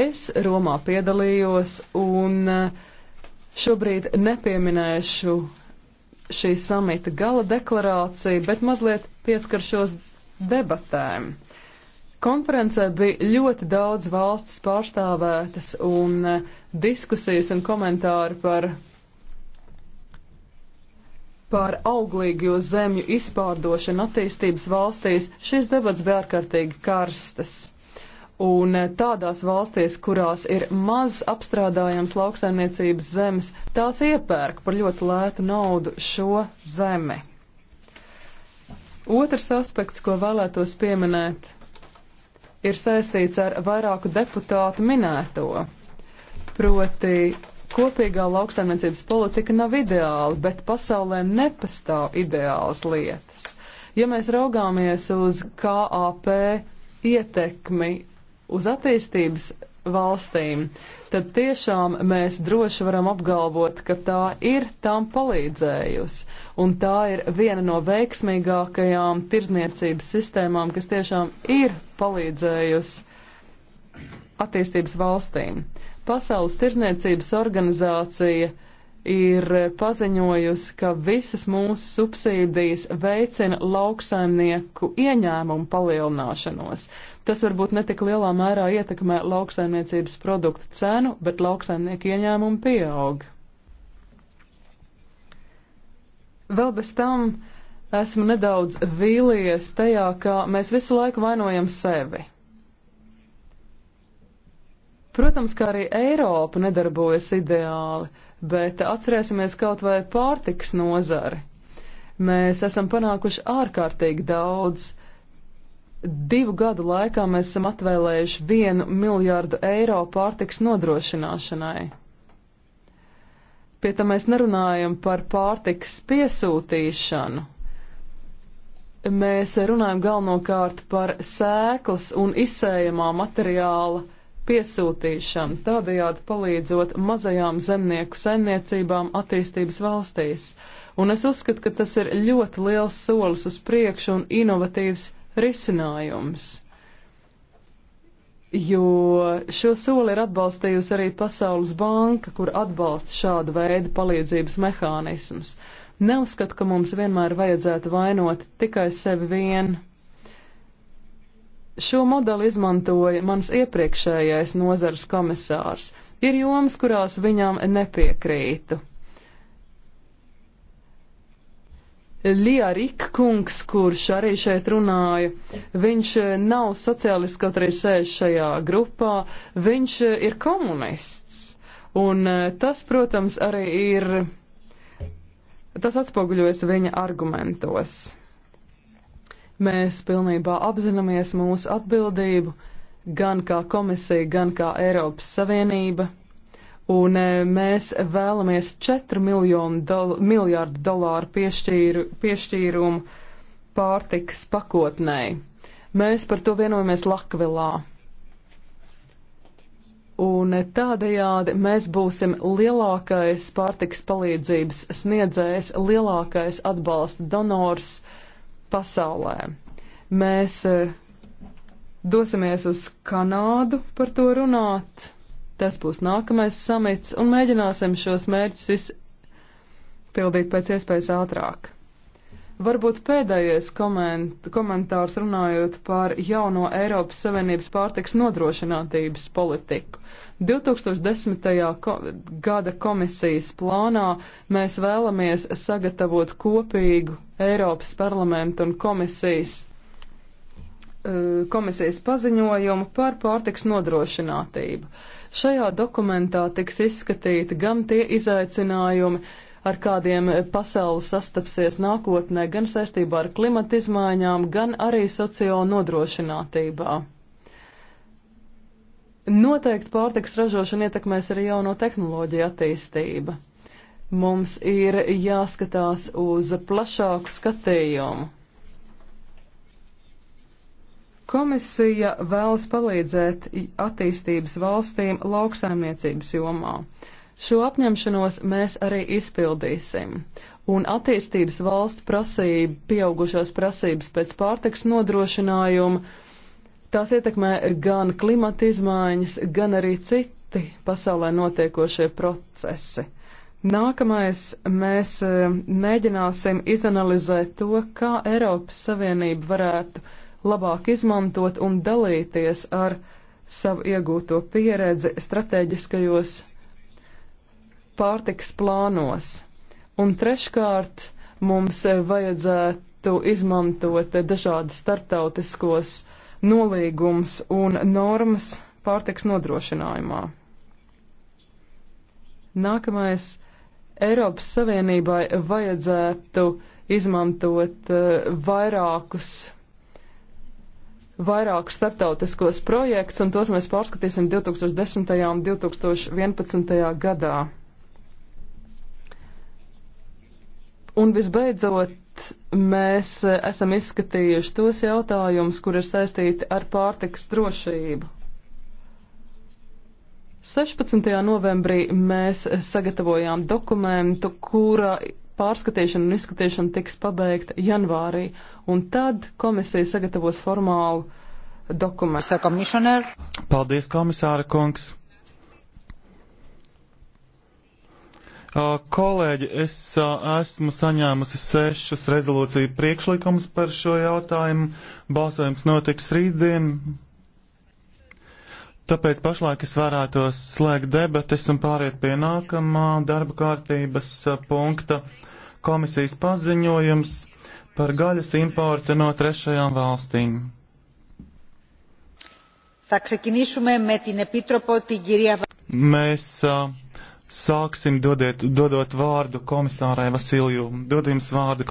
B: Es Romā piedalījos un eh, šobrīd nepieminēšu šī samita gala deklarāciju, bet mazliet pieskaršos debatēm. Konferencē bija ļoti daudz valsts pārstāvētas un eh, diskusijas un komentāri par, par auglīgo zemju izpārdošanu attīstības valstīs. Šīs debats bija ārkārtīgi karstas. Un eh, tādās valstīs, kurās ir maz apstrādājams lauksaimniecības zemes, tās iepērk par ļoti lētu naudu šo zemi. Otrs aspekts, ko vēlētos pieminēt, ir saistīts ar vairāku deputātu minēto. Proti, kopīgā lauksaimniecības politika nav ideāla, bet pasaulē nepastāv ideālas lietas. Ja mēs raugāmies uz KAP ietekmi uz attīstības valstīm, tad tiešām mēs droši varam apgalvot, ka tā ir tam palīdzējusi. Un tā ir viena no veiksmīgākajām tirzniecības sistēmām, kas tiešām ir palīdzējusi attīstības valstīm. Pasaules tirzniecības organizācija ir paziņojusi, ka visas mūsu subsīdijas veicina lauksaimnieku ieņēmumu palielināšanos. Tas varbūt netik lielā mērā ietekmē lauksaimniecības produktu cenu, bet lauksaimnieku ieņēmumi pieaug. Vēl bez tam esmu nedaudz vīlies tajā, ka mēs visu laiku vainojam sevi. Protams, kā arī Eiropa nedarbojas ideāli, bet atcerēsimies kaut vai pārtiks nozari. Mēs esam panākuši ārkārtīgi daudz, Divu gadu laikā mēs esam atvēlējuši vienu miljārdu eiro pārtiks nodrošināšanai. Pie tam mēs nerunājam par pārtiks piesūtīšanu. Mēs runājam galvenokārt par sēklas un izsējamā materiāla piesūtīšanu, tādējādi palīdzot mazajām zemnieku saimniecībām attīstības valstīs. Un es uzskatu, ka tas ir ļoti liels solis uz priekšu un inovatīvs risinājums. Jo šo soli ir atbalstījusi arī Pasaules banka, kur atbalsta šādu veidu palīdzības mehānismus. Neuzskatu, ka mums vienmēr vajadzētu vainot tikai sevi vienu. Šo modeli izmantoja mans iepriekšējais nozars komisārs. Ir jomas, kurās viņam nepiekrītu. Lijā Rikkungs, kurš arī šeit runāja, viņš e, nav sociālists, kaut arī sēž šajā grupā, viņš e, ir komunists. Un e, tas, protams, arī ir, tas atspoguļojas viņa argumentos. Mēs pilnībā apzināmies mūsu atbildību gan kā komisija, gan kā Eiropas Savienība un e, mēs vēlamies 4 dol miljārdu dolāru piešķīru, piešķīrumu pārtikas pakotnei. Mēs par to vienojamies Lakvilā. Un e, tādējādi mēs būsim lielākais pārtikas palīdzības sniedzējs, lielākais atbalsta donors pasaulē. Mēs e, dosimies uz Kanādu par to runāt Tas būs nākamais samits, un mēģināsim šos mērķus izpildīt pēc iespējas ātrāk. Varbūt pēdējais koment, komentārs runājot par jauno Eiropas Savienības pārtiks nodrošinātības politiku. 2010. Ko, gada komisijas plānā mēs vēlamies sagatavot kopīgu Eiropas parlamentu un komisijas, eh, komisijas paziņojumu par pārtiks nodrošinātību. Šajā dokumentā tiks izskatīti gan tie izaicinājumi, ar kādiem pasauli sastapsies nākotnē, gan saistībā ar klimata izmaiņām, gan arī sociālo nodrošinātībā. Noteikti pārtiks ražošana ietekmēs arī jauno tehnoloģiju attīstība. Mums ir jāskatās uz plašāku skatījumu. Komisija vēlas palīdzēt attīstības valstīm lauksaimniecības jomā. Šo apņemšanos mēs arī izpildīsim, un attīstības valstu prasība, pieaugušās prasības pēc pārtiks nodrošinājuma, tās ietekmē gan klimata izmaiņas, gan arī citi pasaulē notiekošie procesi. Nākamais mēs eh, mēģināsim izanalizēt to, kā Eiropas Savienība varētu labāk izmantot un dalīties ar savu iegūto pieredzi strateģiskajos pārtiks plānos. Un treškārt mums vajadzētu izmantot dažādas starptautiskos nolīgums un normas pārtiks nodrošinājumā. Nākamais Eiropas Savienībai vajadzētu izmantot eh, vairākus vairākus starptautiskos projektus, un tos mēs pārskatīsim 2010. un 2011. gadā. Un visbeidzot, mēs esam izskatījuši tos jautājumus, kur ir saistīti ar pārtikas drošību. 16. novembrī mēs sagatavojām dokumentu, kura pārskatīšana un izskatīšana tiks pabeigta janvārī un tad komisija sagatavos formālu dokumentu.
C: Paldies, komisāra kungs! Uh, kolēģi, es uh, esmu saņēmusi sešus rezolūciju priekšlikumus par šo jautājumu. Balsojums notiks rītdien. Tāpēc pašlaik es varētos slēgt debates un pāriet pie nākamā darba kārtības uh, punkta komisijas paziņojums par gaļas importu no trešajām valstīm. Mēs sāksim dodiet, dodot vārdu komisārai Vasilju. Dod jums vārdu.